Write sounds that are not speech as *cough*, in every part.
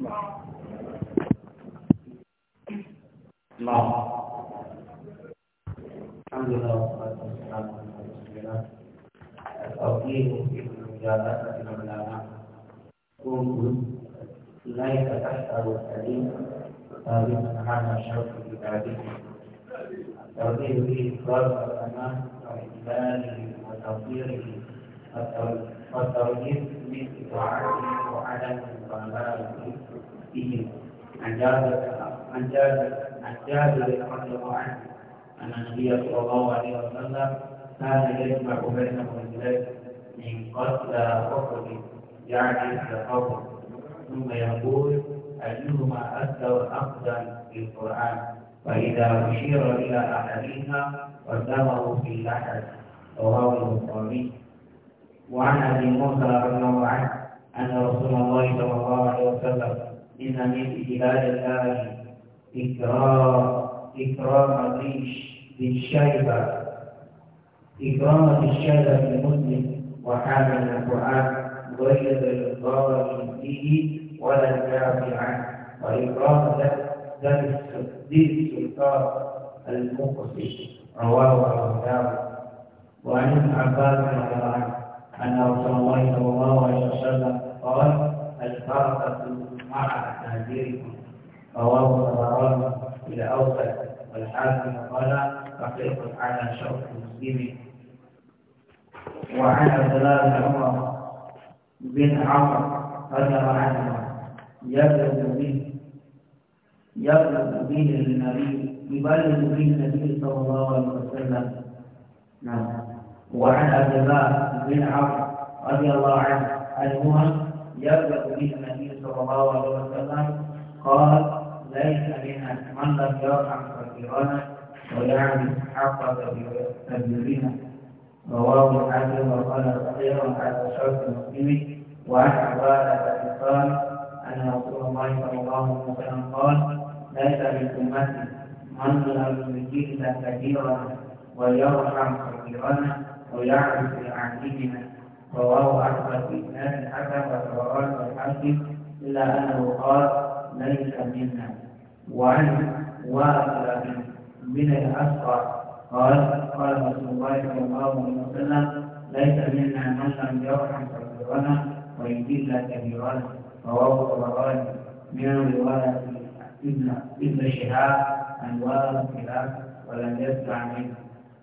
نعم الحمد لله والصلاة والسلام على رسول الله التوفيق في المجالسة مولانا كنت ليس تحته السليم ثابتا على شرط عباده التوفيق فيه إفراد الأمان وإجلاله وتوفيره التوفيق وترجمني بطاعته وعدم ضلالته به عن جابر عن جابر عن جابر رضي الله عنه أن النبي صلى الله عليه وسلم كان يجمع بينه الرجلين من قتلى ركبه يعني في القبر ثم يقول أيهما أكثر أخذا القران فإذا أشير إلى أحدهما قدمه في اللحد رواه البخاري وعن أبي موسى رضي الله عنه أن رسول الله صلى الله عليه وسلم إن من اجلال الله إكرام إكرام الريش بالشيبة إكرام الشيبة المسلم وحامل القرآن غير الظالم فيه ولا الكافر عنه وإكرام ذلك السلطان المقصد رواه أبو داود وعن ابن عباس رضي الله عنه أن رسول الله صلى الله عليه وسلم قال الفرقة مع تهجيركم رواه الطبراني إلى أوسط والحاكم قال رقيق على شوق المسلم وعن عبد الله بن عمر بن عمر رضي الله يبلغ به يبلغ به النبي يبلغ به النبي صلى الله عليه وسلم نعم وعن عبد الله بن عمرو رضي الله عنه عنهما يبدأ به النبي صلى الله عليه وسلم قال ليس بنا من لم يرحم كبيرنا ويعني حق كبيرنا رواه الحاكم وقال صحيح على شرط المسلم وعن عبادة قال أن رسول الله صلى الله عليه وسلم قال ليس من أمتي من لم يجد كبيرنا ويرحم كثيرنا أو يعرف لعهدهما رواه أحمد بن حسن وسواء والحمد إلا أنه قال ليس منا وعن وأخذ من الأسقى قال قال رسول الله صلى الله عليه وسلم ليس منا من لم يرحم صغيرنا ويذل كبيرنا رواه الطبراني من رواية ابن ابن شهاب عن وائل ولم يسمع منه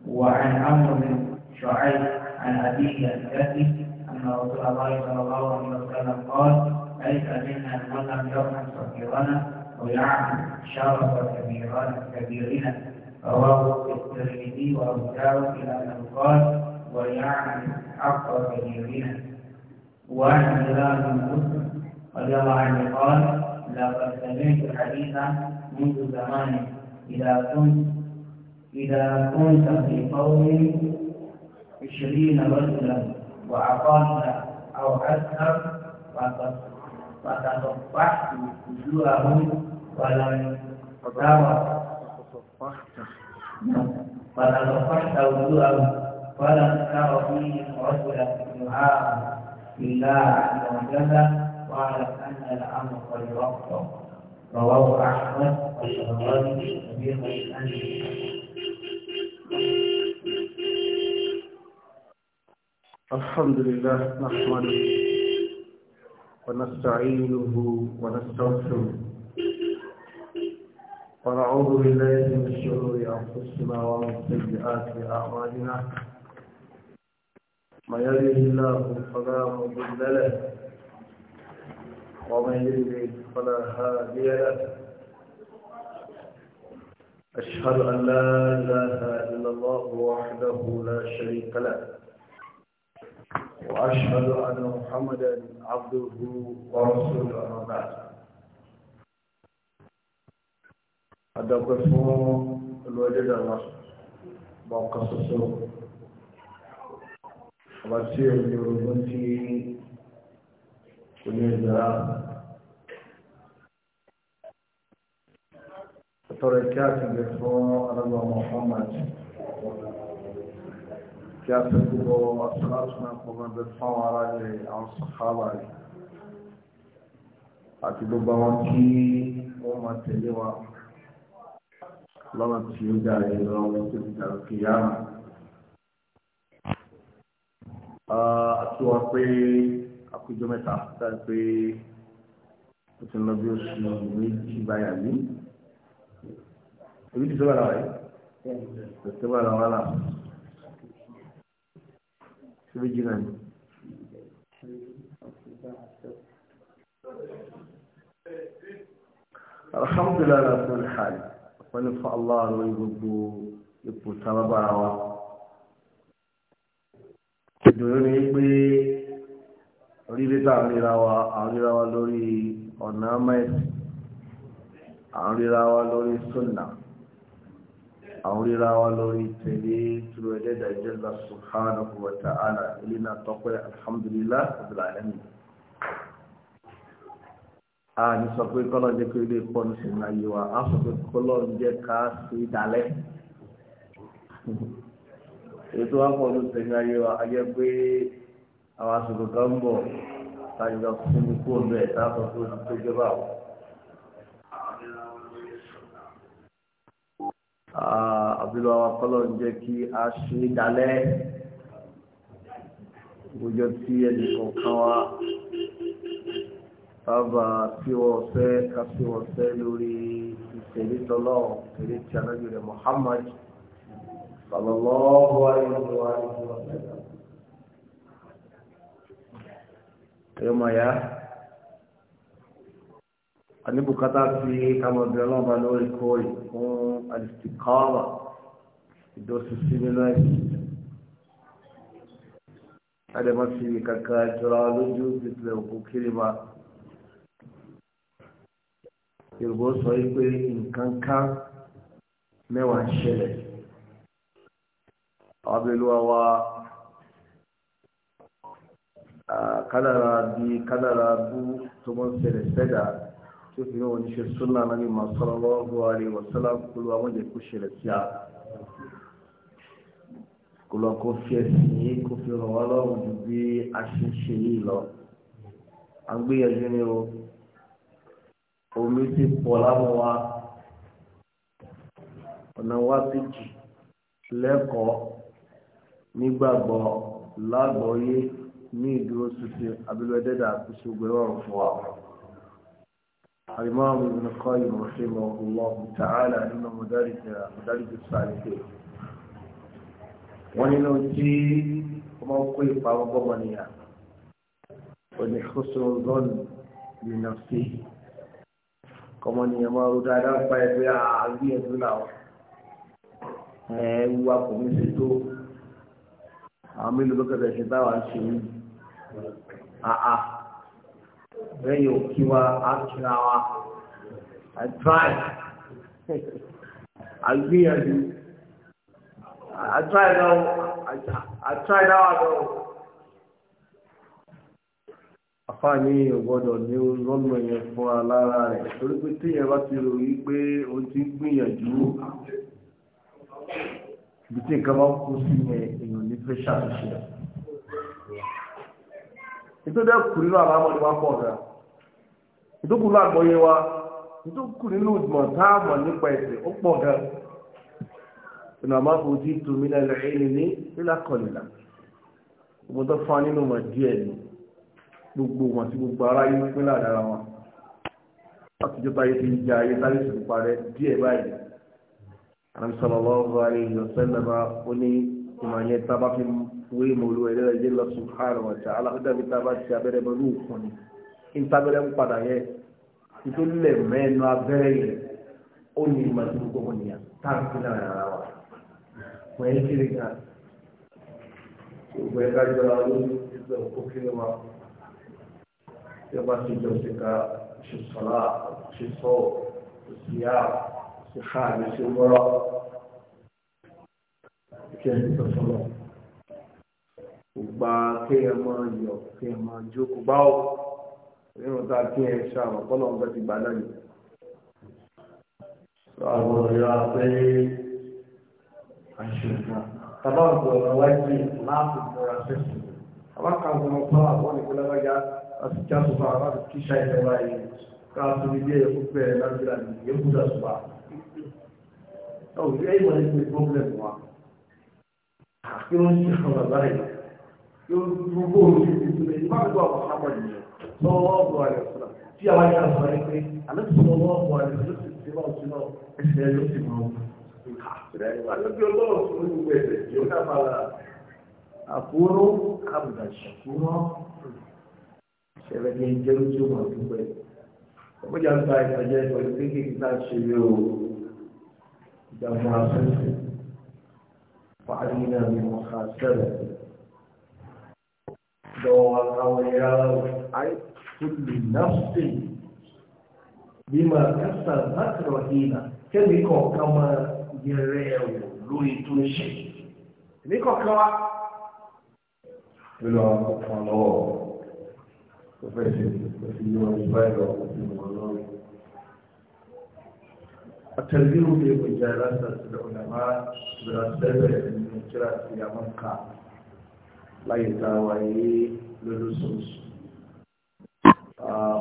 وعن عمرو بن شعيب عن ابي الكافي أن رسول الله صلى الله عليه وسلم قال ليس منا من لم يرحم صغيرنا ويعمل شر كبيرنا كبيرنا رواه الترمذي وأبو داود إلى أنه قال ويعمل حق كبيرنا وعن بلال بن مسلم رضي الله عنه قال لقد سمعت حديثا منذ زمان إذا كنت إذا كنت في قوم عشرين رجلا وعطانا أو أكثر فتصفحت وجوههم ولم ترى فتصفحت وجوههم ولم تر فيهم رجلا يعاقب الا عز وجل واعلم أن الأمر قد وقف رواه أحمد وشهرته وبيض الأنبياء الحمد لله نحمده ونستعينه ونستغفره ونعوذ بالله من شرور انفسنا ومن سيئات اعمالنا من يريد الله فلا مضل له ومن يريد فلا هادي له أشهد أن لا إله إلا الله وحده لا شريك له وأشهد أن محمدا عبده ورسوله أما بعد قسم الوجد الله بقصصه وأسير برمتي ونزرع تركات بفو الله محمد kí a fẹ́ gbogbo aṣọ́lásùn àkọ́mọ́ bẹ fáwọn ará rẹ̀ àwọn sàhábà rẹ̀ àti gbogbo àwọn tí wọ́n máa tẹ̀lé wa lọ́nà tí ó dára yìí lọ́wọ́ tó ti dàrú kìyàmù. àti wá pé àkójọ mẹ́ta dáa pé ó ti ń lọ bí oṣù méjì báyà ní. èmi ti sọ́wọ́ àlàyé. tẹ̀síwọ́ àlàyé vigilant. alhamdulilah rasul hal wọn ni fún allah lórí gbogbo ipò sábàbára wa ìdùnnú ni pé orílẹ̀ tá à ń ríra wa à ń ríra wa lórí àwọn ríra wa lórí tẹ̀lé turu ẹlẹ́dàá ìjọba subhanahu wa ta'ala ilé náà tọ́pẹ́ alhamdulillah rabbil alamin a ní sọ pé kọ́lọ́ jẹ́ pé ilé pọ́n sí ní ayé wa a sọ pé kọ́lọ́ jẹ́ ká sí dalẹ́ ètò àpọ̀lù tẹ̀lé ayé wa ayé pé àwọn àsìkò kan ń bọ̀ táyọ̀ fún mi kó bẹ́ẹ̀ tó ń tó jọba wọn. àbúlọ́wà kọ́lọ̀ ń jẹ́ kí a ṣe dalẹ́ ìgbójọ́ tí ẹni kọ̀ọ̀kan wá bàbá tí wọ́n fẹ́ kásí wọ́n fẹ́ lórí ìtẹ̀lé tọ́lọ́ ìtẹ̀lé tí anájú rẹ̀ Muhammad sallallahu alaihi wa sallam àníbùkátà sí kàmọ̀bí ọlọ́ọ̀bá lórí kórè fún àdìsíkọ́ọ̀mà ìdọ́sísí nínú ẹ̀sìn adama fi kaka jọra lójú ìpìlẹ̀ òkú kiri ma yorùbá sọ yìí pé nǹkan kan mẹ́wàá ń ṣẹlẹ̀ àwọn abẹ́lúwa wa kádàrà bí kádàrà bú tó mọ́ ṣẹlẹ̀ sẹ́dà tó fi hàn oníṣe súnà nàbí máa sọ̀rọ̀ lọ́wọ́ àrí wàsálà kúlú àwọn jẹ́ kó ṣẹlẹ̀ sí a kó lọ kó fi ẹ̀sìn yìí kó fi ràn wá lọ́rùn ju bí a ṣe ń ṣe yìí lọ. à ń gbìyànjú ni o omi ti pọ̀ láwọn wa ọ̀nà wa ti jì lẹ́kọ̀ọ́ nígbàgbọ́ lágbọ́ọ́yé ní ìdúróṣinṣin abilọ́dẹ́dà àkóso gbẹ́rọ̀ fún wa. الإمام ابن القيم رحمه الله تعالى إنه مدارك مدارك الصالحين ونحن جي موقف وضمنيا ونحسن الظن بنفسه كما نيمار دارا فايت يا عزيز الله ẹ̀ẹ́wú akọ̀mísí tó àwọn mélòó lókè tẹ̀sí táwọn ṣe lẹ́yìn òkè wa á wa I try *laughs* I gbìyànjú I try now I, I try now I know. Afáàní ọ̀gbọ́dọ̀ ni lọ́nà yẹn fún alára rẹ̀ torí pé téèyàn bá ti ròyìn pé o ti gbìyànjú ibi tí nǹkan bá kú sí yẹn èèyàn ní fẹ́ ṣàtúnṣe. àbámọ́ ni ìdókòwò lágbọ́yé wa ìdókòwò nínú ìgbọ̀n tá a mọ̀ nípa ẹ̀sìn ó pọ̀ gan ìnàmọ́ ojú tòmí lẹ́lẹ̀ ẹ̀yìn ní nílàkọlìlà gbogbo tó fa nínú mọ̀ díẹ̀ ni gbogbo wọn sí gbogbo ara yìí pín láàdára wọn láti jọba yìí ti jẹ ayé sáré sùn parẹ́ díẹ̀ báyìí àmìsọ̀lọ́wọ́ ìmọ̀nyẹ tábà fi wé mọ̀lú ẹ̀rẹ́ lọ sùn hàn wọ̀ta alákọ̀dàbí tábà ti abẹ́rẹ́ òkun ní ìtàbẹ́rẹ́ ń padà yẹn tó lè mẹ́nu abẹ́rẹ́ yẹn ó ní ìmọ̀tòkò gbogbo nìyà táàkì náà rárá wa wọ́n yẹn kiri kan gbogbo ẹ̀ka jọra lórí ìgbà òkú kiri wa tí a bá ti jọ sí ká ṣe sọ́lá ṣe sọ ìyá ṣe ká àmì ṣe wọ́rọ́ kí ẹni sọ sọ́lọ́ kò gba kéèyàn máa yọ kéèyàn máa jó kò bá ọ. nínú tá a kí ẹ ṣe àwọn ọ̀pọ̀lọ̀ ọ̀gbẹ́ ti gbà náà ni. àwọn ọ̀yọ́ pé àṣìkà tàbá ọ̀gbọ̀n wájú láàbù múra sẹ́sìn. àwọn kan gbọmọ pa àwọn ìpínlẹ̀ wájà àti jásùpá láti kí ṣàìsẹ̀ wáyé káàtó ilé ẹ̀kú bẹ̀rẹ̀ lágbèrè ní ẹ̀kú jásùpá. ọ̀gbẹ́ ìwọ̀n ní pé problem wa kí wọ́n ṣe àwọn àbáyé kí wọ́n gbogbo òṣèlú ìpínlẹ̀ ìpínlẹ̀ ìpínlẹ̀ sọ́wọ́ọ̀bù àrẹ̀sọ́lá tí àwọn ìyá sọ ẹ pé àlejò sọ́wọ́ọ̀bù àrẹ̀sọ́lá ti ṣe wá òsì náà ẹsẹ̀ ló sì mọ́ àlejò ọlọ́run tó ń wẹ̀ ẹ̀ yóò dábàá àkúrò àbùdá ṣàkúrò ṣẹlẹ̀ ní ẹjẹ́ lójú ọmọ àdúgbò ẹ̀ ọmọdé àgbà ìtàjẹ́ pẹ̀lú kékeré tá a ṣe yóò ìdààmú àṣẹ fàálì náà ni wọ́n ká sẹ́lẹ̀ da àwọn ai kullu nafsin bima kasabat rahina kẹ́mi kọ̀ọ̀kan máa yẹrẹ ẹ̀wò lórí tó ń ṣe èmi kọ̀ọ̀kan wá nínú àwọn kọ̀ọ̀kan lọ́wọ́ tó fẹ́ ṣe tó fi yọ ìgbà ẹ̀rọ òfin wọn lórí التنبيه في مجالسة العلماء بالسبب من مجرد في أمامك láyé tá a wáyé lóṣooṣù.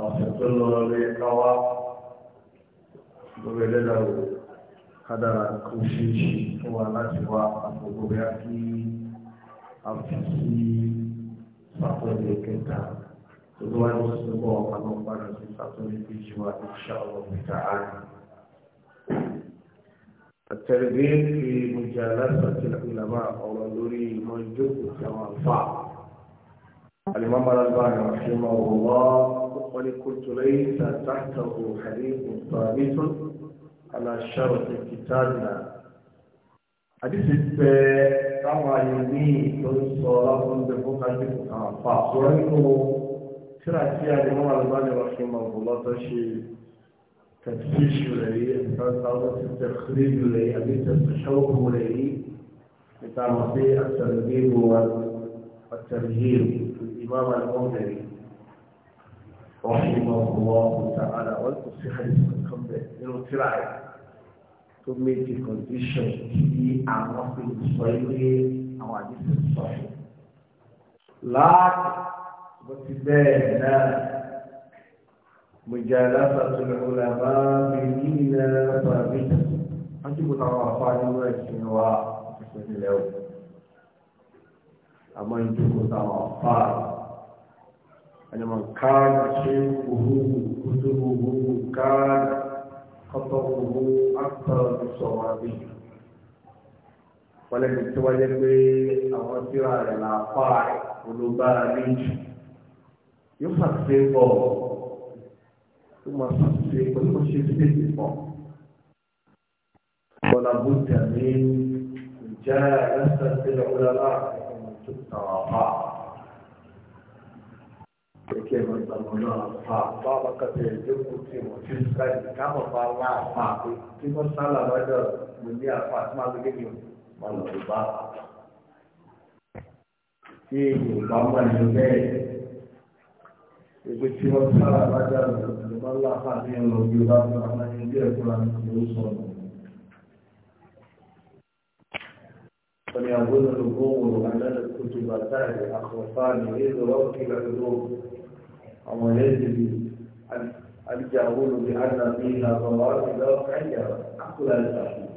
ọ̀sẹ̀ tó lọ lórí ẹ̀ka wá lórí ẹlẹ́dàá wò kádàrà kó ṣe é ṣe fún wa láti wá àgbègbè rẹ̀ kí a fi sí sátọ̀dẹ̀ kẹta tó tó wáyé wọ́n sì bọ̀ ọ̀pá náà padà sí àtẹ̀rẹ̀dẹ́ fi mọ̀jà lásàtì ìlànà ọ̀rọ̀ lórí ìmọ̀ ìjókòó ti àwọn àfà alimam al-Albani rahimahullah wa ni kuntu laysa tahtahu hadithun thabitun ala sharti kitabina àdìsí pé táwọn ayé ní tó ń sọ láwọn ọdún fún kájú kò kàn án fà sọ nínú tíra tí alimam al-Albani rahimahullah tó ṣe تفتيش لي، انسان صعب التخريج لي، ابي تشوف لي، بتاع مصير الترغيب والترهيب الامام المنذري رحمه الله تعالى والتصحيح الحمد لله تراعي ثم في كونديشن في اعراف الصحيح او حديث الصحيح لا بس ده مجالسة العلماء بنينا ثابتة أجب تعرفان وجهها بسم الله أما يجب تعرفان أن من كان شيخه كتبه كان خطره أكثر من صوابه ولكن تواجد بأوسر على العقائد قلوبها منه يفسر tó máa ṣe pẹ̀lú bó ṣe fèsì pọ̀. Bọ́lá Bùdà ní ìjà ẹ̀sẹ̀ sílẹ̀ ọ̀làlá ẹ̀kọ́ tó tàwọn apá. Ẹ̀kẹ́ ìwọ̀n ìgbàgbọ́ náà pa bá wákàtí ìjókòó tí wọ́n ti ń ká ìdáhùn bá wá àpá pé tí wọ́n sálà lọ́jọ́ mo ní àpá tí máa gbé mi máa lọ bá. Tí Yorùbá máa bẹ́ẹ̀, ìgbé tí wọ́n sálà lọ́jọ́ àfà àti ẹ̀rọ bí ó bá fẹ́ ọ̀nà ẹni bí ẹ̀kọ́ ra ní ó sọ ọ̀nà. Wọ́n yà gbọ́dọ̀ ló gbọ́wọ́ àdáyé kùtù bàtáì àkọ́fà ní èdè ọ̀kì lọ́dọ̀ àwọn ẹlẹ́dìbì الجاهول بأن فيها ضوابط واقعية عقل الأخير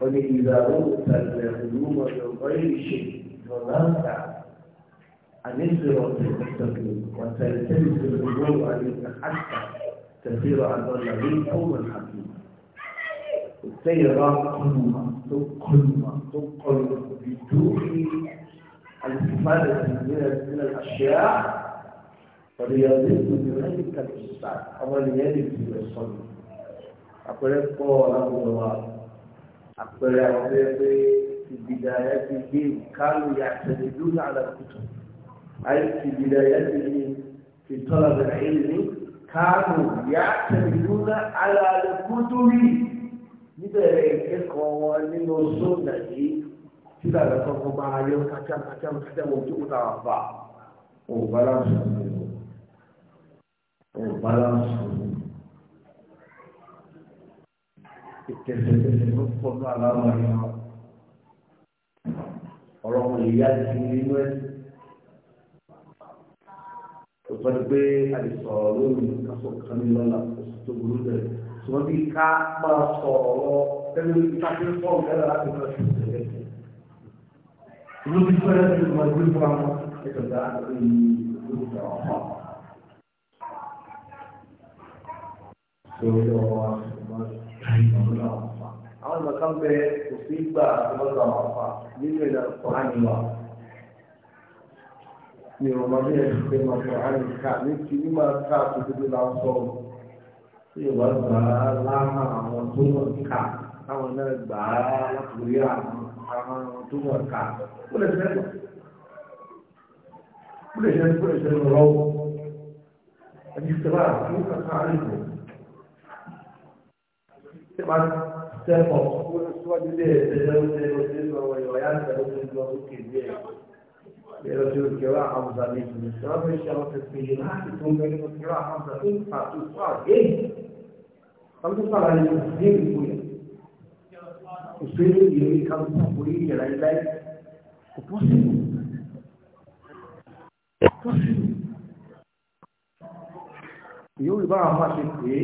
وإذا أوتى الهجوم من غير شيء ومنفعة أن يصبر المستقيم وتلتمس الأمور أن يتحقق تسير عن الذين قوما حكيما السيرة قلمة تقلمة تقل بدون الاستفادة من من الأشياء وليضيف بذلك الأستاذ أو ليجد في الصلاة أقول لك قول الله أقول لك في بداية الدين كانوا يعتمدون على الكتب أي في بدايته في طلب العلم كانوا يعتمدون على الكتب níbẹ̀rẹ̀ ìkẹ́kọ̀ọ́ wọn nínú sóònà yìí tí bàbá kọ́kọ́ máa yọ kàtàkàtà wọn tó kúta wà fà ó balansi ó balansi ìtẹ̀sẹ̀tẹ̀sẹ̀ ló pọ̀ ní aláwọ̀ yẹn ọ̀rọ̀ wọn yìí yá nínú ẹ̀sìn òtọ́ ni pé a lè sọ̀rọ̀ lónìí kásọ̀ kan ní lọ́la oṣù tó burú bẹ̀rẹ̀ ṣùgbọ́n bí ká máa sọ̀rọ̀ tẹ́lẹ̀ káfí fọ́ọ̀mù tẹ́lẹ̀ láti fẹ́ ṣe ìṣẹ̀lẹ̀ ìlú bí fẹ́rẹ́ ti mọ ìlú fún àwọn ìṣẹ̀dá ìlú ọ̀hún. Sori ọmọ àṣùmọ́ ìṣẹ̀lẹ̀ àwọn ọ̀fà. Àwọn ìmọ̀ká ń bẹ kò sí gbà lọ́dọ̀ àwọn ọ̀fà nínú ìlànà kọ̀ọ̀hánìwá ní ọmọdé ẹgbẹ́ mọ̀tòránì ká ní ti ní máa ká àtúntò lásọ tí ìwà gbà á láhà àwọn tó mọ̀ ká táwọn náà gbà á látòrí àwọn tó mọ̀ ká ó lè fẹ́ lọ ó lè fẹ́ lọ ṣe lọ lọ́wọ́ ẹni sẹ́wà ní kàkà àríkò tí wọ́n tẹ́ pọ̀ ó lè síwájú lé ẹ̀ẹ́dẹ́gbẹ̀rún ẹ̀ẹ́dẹ́gbẹ̀rún ẹ̀yọ̀ yá ń tẹ̀lé ó ti lọ sókè ní ẹ̀yọ̀. برسول الكراء حمزة عليه السلام الشرف السيدات ثم بين الكراء حمزة انفع تصاعد ايه فتصل على المسلمين الكوية مسلمين يلي كان مقبولين يلا إلهي وبوسم وبوسم yóò rí báwọn máa ṣe pé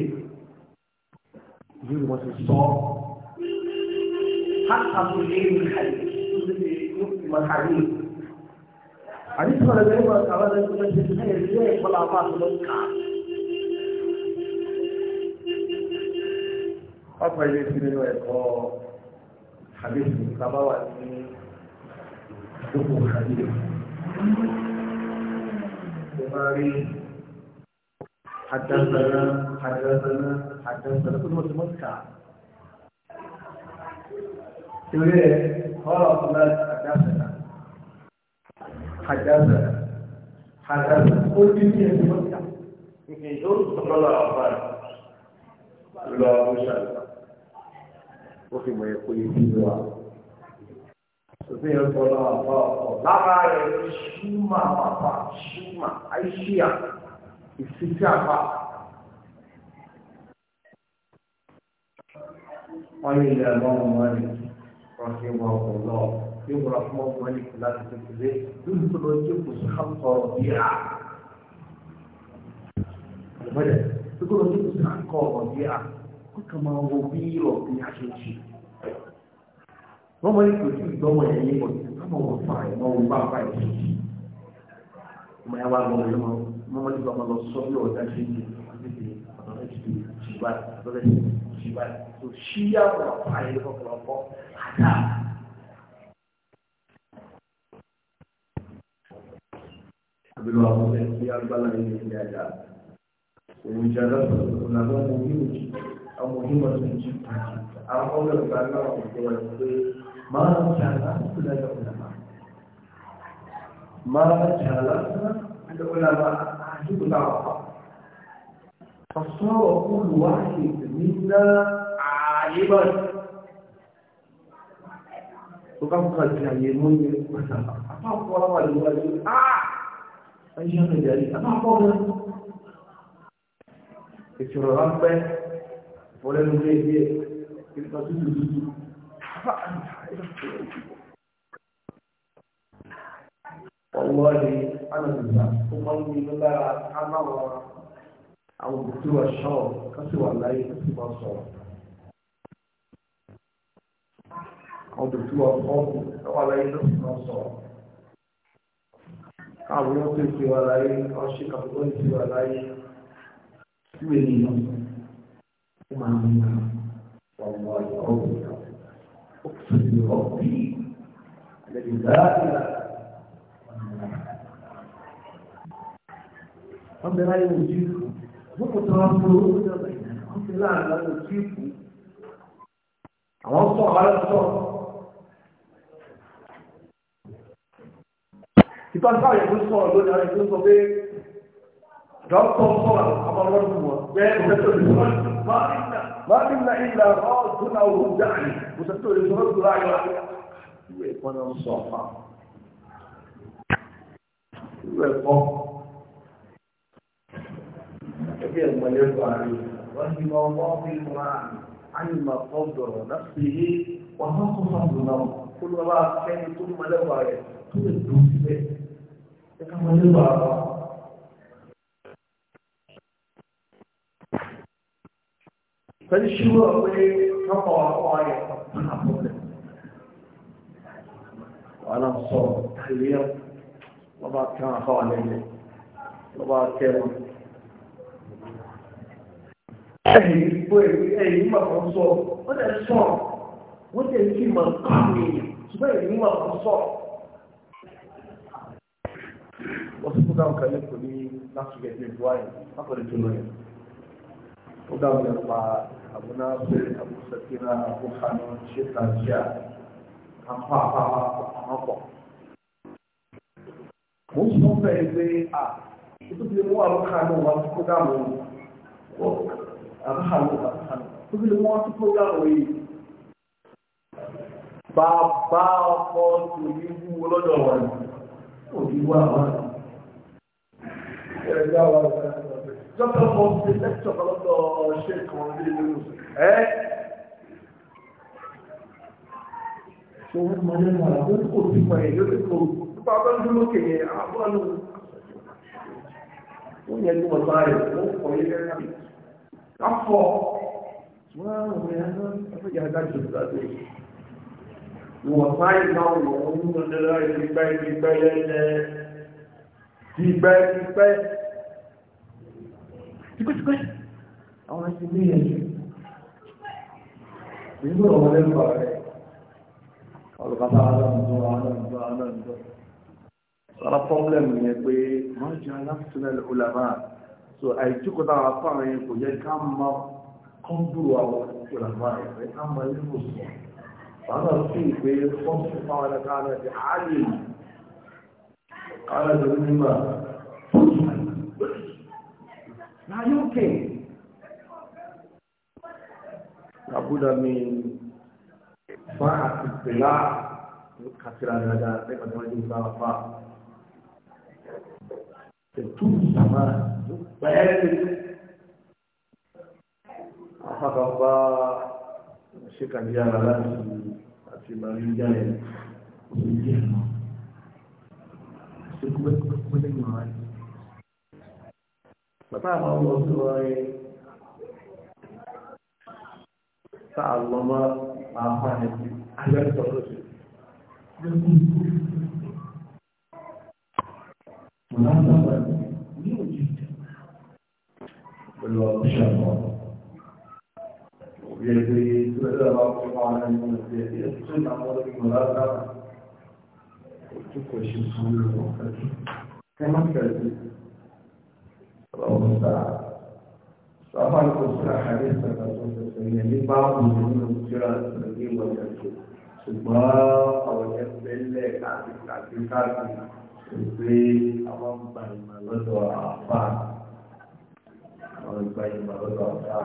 yóò wọ́n ti sọ ọ́ ká àbúlé ní àyè tó lè ní ìmọ̀ àyè àdìsí ọ̀rẹ́ bẹ́ẹ̀ bá àwọn ẹgbẹ́ tó ṣe ní ilé ẹ̀kọ́ la máa lọ kà. ọ̀pọ̀ ilé sí nínú ẹ̀kọ́ àdìsí sábà wà ní ìdókòwò àdìsí. mo máa rí àdásánà àdásánà àdásánà tó ní mo ti mọ́ kà. ìwé ọ̀rọ̀ ọ̀la àdásánà. حدثنا حدثنا قلت لي يا مكة في جرس ولا عفان لا مشاء وفي ما يقول في دعاء وفي ولا عفان لا شما عفان شما أي شيء استشافة قال يا مالك رحمه الله يوم رحمه ملك لا تتكذب يدخل ويجب حق ربيعة الملك يدخل ويجب حق ربيعة كما هو بي ربيعة شيء wọ́n mọ̀ ní kò tí ìdánwò ẹ̀ yé wọ̀nyí káwọn wọ̀ fà ẹ̀ náà wọ́n bá fà ẹ̀ sí i. ọmọ ẹ̀ wá lọ wọlé mọ́ mọ́mọ́ ní bàbá lọ sọ́ọ́ bí ọ̀dà ṣe ń di ọ̀dọ́ ẹ̀ ti di ṣìbáì ọ̀dọ́ ẹ̀ ti di ṣìbáì to shi ya kwafa ya kwafa hata abin wa kuma ya bala ne ya da domin jarar na zama muhimmanci a muhimmancin cinta a ƙaunar gana wa kewar sai ma kyala kula da ulama ma kyala kula da ulama a hajji kula wa فالصار كل واحد منا عيبا وكم قد يمون مثلا أفضل والوالد آه أيها الجليل أفضل ìṣòro ránpẹ́ ìfọ́lẹ́nu lé ilé ìpínlẹ̀ tútù tútù. Ọwọ́ ni Anàdìgbà ó máa ń gbin lára Amáwọ̀ àwọn òkútù ọ̀ṣọ́ kásìwà láyé kásìwà sọ̀rọ̀. ọdún tí wọ́n kọ́ lọ́wọ́ láyé ló sì náà sọ̀rọ̀. káàbọ̀ wọn tó ti wà láyé ọṣẹ kàbọ̀ wọn ti wà láyé ìwé ni ìyá sọ. ó máa ń gba ọmọ ìyá ọ̀gbìn náà. ó sì ń lọ bí àlejò dáadáa. wọ́n bẹ láyé ojú ìfọ̀. wọ́n kò tọ́ wọn fún owó ìjọba ìyá. wọ́n fi láàrin láyé ojú ìfọ̀. àwọn sọ̀rọ̀ láti sọ̀rọ̀. because báwo yẹ kó sọ̀rọ̀ lónìí àwọn ètò sọ pé dọ́kítọ̀ sọ̀rọ̀ àwọn ọlọ́dún wọn bẹ́ẹ̀ mo fẹ́ tó lè sọ̀rọ̀ máa ń na ìlà ọ̀dún náà wò dáàlì mo fẹ́ tó lè sọ̀rọ̀ tó ráyọ̀ ìwé ẹ̀kọ́ ni wọ́n sọ ọ̀fà ìwé ẹ̀kọ́ ẹgbẹ́ ìmọ̀lẹ́ fàárì wọ́n ti ma kọ́ láti yé wọ́n kọ́ fàdùn náà kó lọ́wọ́ akẹ́ni tó mọ̀lẹ́wà rẹ̀ tó lè dùn síbẹ̀. Ẹ̀kọ́ ní bàbá. Pẹ̀lú ṣíwọ́ pé kọ́kọ́ ọ̀pọ̀ ayẹ̀ àpọ̀lẹ̀. Wà náà sọ ìrìyà lọ́bà kan àkọ́wà lẹ́yìn lọ́bà kẹwọ́n. Ẹ̀yìn ìgbó ẹ̀yìn mọ̀ kan sọ, wọ́n tẹ̀ sọ, wọ́n tẹ̀ sí mọ̀ kọ́ wọ́n tún dáhùn kan lẹ́kọ̀ọ́ ní láti yẹ ní ìlú ayé lápẹ̀lẹ̀ tó lóye ó dáhùn yẹn pa àbúná bẹ́ẹ̀ àbúṣẹ́kínà àbúhánú ṣètàṣíà àpá àpá àwọn pọ̀. mo ń sọ bẹ́ẹ̀ pé à tó fi mú àbúhánú wa tó kó dáhùn àbúhánú àbúhánú tó fi mú wa tó kó dáhùn yìí bàbá ọkọ̀ tòun ní wúwo lọ́dọ̀ wọn ò ní wá wọn. Dọ́kítà mọ̀ ṣe lẹ́kítọ̀ lọ́dọ̀ ṣe kan ní ìlú ẹ́. Ṣé wọ́n mọ̀ ní ọ̀rọ̀ àwọn kò tí mọ̀ èyí lórí kò nípa ọdún dúró kèye àwọn ọ̀nà. Ó yẹ wọ́n rẹ̀ ó kọ̀ yé lẹ́yìn àmì. Ká fọ́. Wọ́n á rìn rìn àná tìkútìkú àwọn ẹsẹ̀ ní ẹ̀jẹ̀ nínú ọmọ lẹ́nu bàbá rẹ̀ ọlọ́kàtà aláǹdọ́ aláǹdọ́ aláǹdọ́ sọ́ra pọ́blẹ́mù yẹn pé wọ́n jẹ́ aláfẹ́sẹ̀lẹ̀ ọlọ́mà so àìjókòtà àpá yẹn kò yẹ ká mọ kọ́ńdùrù àwọn ọlọ́mà yẹn ká mọ ilé ìwòsàn فأنا أصيب بالصمت سبحانه وتعالى بعالم قال ذو na yókè. Labuda min fa'ati bila kasira dada ne ka dama ba fa. Te tu sama bayar te. Afa ka ba se ka di ara la ti ati ma ri ja ye. Se kuma kuma ne ma ye. bàbá àwọn ọmọ ọdún rọrin sáà lọ́mọ àwọn àti alẹ́sọ̀ lóṣù مناسبة مهمة جدا بالله شاء ويجري سؤال الله عن المناسبة يصل أمر المناسبة وتكوش الصور الوقت كما كانت ọlọ́run sá sábà kò sí àhàrí ìsàkà tó fẹsẹ̀ yẹn ní báàbù nínú ìjọra ìrìnlẹ̀ ìwọ̀nyẹ̀ tó ṣùgbọ́n ọ̀rọ̀ yẹn bẹ́lẹ̀ àti àti káàkiri pé àwọn gba ìmọ̀ lọ́dọ̀ àfà àwọn gba ìmọ̀ lọ́dọ̀ àfà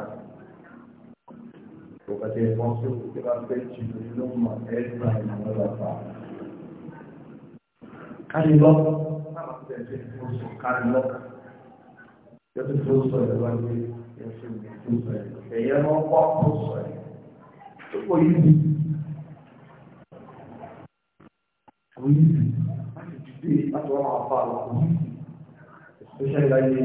òkàtẹ́ wọn tó kí wọ́n fẹ́ jù nínú mọ̀ ẹ́ ìmọ̀ lọ́dọ̀ àfà. kárí yóò tó sọ ẹ̀ wá gbé yóò tó sọ ẹ̀ ẹ̀yẹ máa kọ́ tó sọ ẹ̀ tó kọ́ yìí bí kò yìí bí láti dìde láti wọ́n máa fa àwọn kò yìí bí especially láyé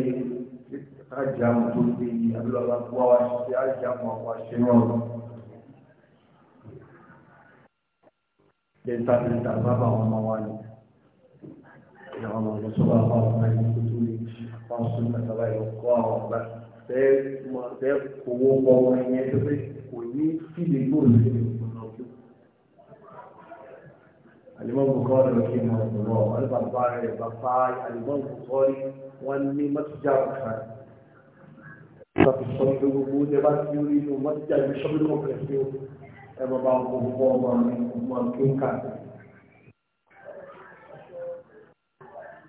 ajá mu tó gbé yìí abúlọ́lá kó wa ṣe ajá mu àwọn àṣeyọrọ. Dẹ́ta dẹ́ta bá wọn máa wá ní. Ìyá wọn lọ sọ́ba bá wọn máa yẹ tó lè jù fáwọn súnmọ́ sábà yóò kọ́ àwọn ọ̀gá tẹ́ owó pọ̀ wọn yẹn tó pé kò ní fìdí gbòòrò sí ìpinnu ọjọ́. àlùmọ́ bùkọ́rì ló kí mọ̀ ọ̀rọ̀ wọn bàbá rẹ̀ bàbá àlùmọ́ bùkọ́rì wọn ní mọ́tíjà kan. sọ́kì sọ́kì gbogbo ní bá ti rí inú mọ́tíjà ní sọ́kì kọ̀ọ̀kẹ́ sí ẹ̀rọ bá ń kó gbogbo ọmọ mi kí n kà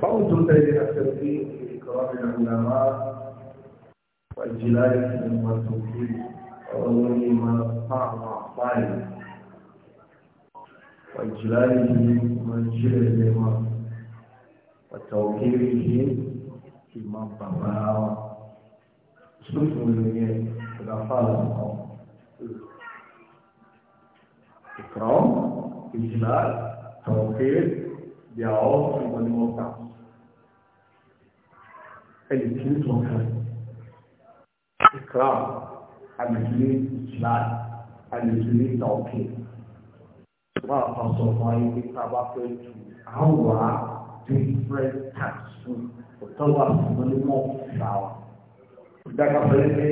فوز تجد التوفيق بإكرام العلماء وإجلالهم والتوفيق وأولهم طعم أعطائهم وإجلالهم وإجلالهم وتوفيقهم فيما بغاوة سلسل من الأفعال إكرام إجلال توفيق بيعوف المنوطة ẹ̀lẹ̀ tí ó tọ̀ kan ìkra àlùfílẹ̀ ìjìlá àlùfílẹ̀ ìtàọ̀kẹ́ wọ́n àpá sọ fún ayé nípa bá fẹ́ ju àwọ̀ á different tax fún ọ̀tọ́wà fún onímọ̀ ìgbà wa ìdáka pẹ̀lú pé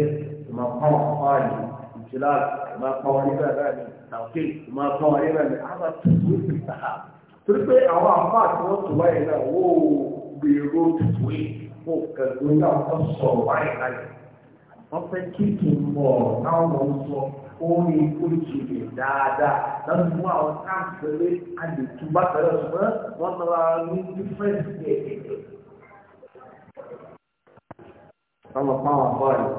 ìmọ̀ kan wà fún àyè ìjìlá ìmọ̀ kan wà níbẹ̀ bẹ́ẹ̀ ni ìtàọ̀kẹ́ ìmọ̀ kan wà níbẹ̀ ni àbá tó wù sí ìtàhà torí pé àwọn àpá àti wọ́n tó wáyé náà wó gbèrò tuntun yìí kó kẹ̀kọ́ yá ọkọ̀ sọ̀rọ̀ báyìí láyé wọ́n fẹ́ kí kì í mọ̀ táwọn mọ̀ ń sọ orí oríṣiríṣi dáadáa láti mú àwọn káàkiri àdètú bá tẹ̀lé ṣùgbọ́n wọ́n tọ́ra ní dífẹ́ǹsì ẹ̀ẹ́dẹ̀gbẹ̀. ọmọ pàwọn àbọ̀rẹ̀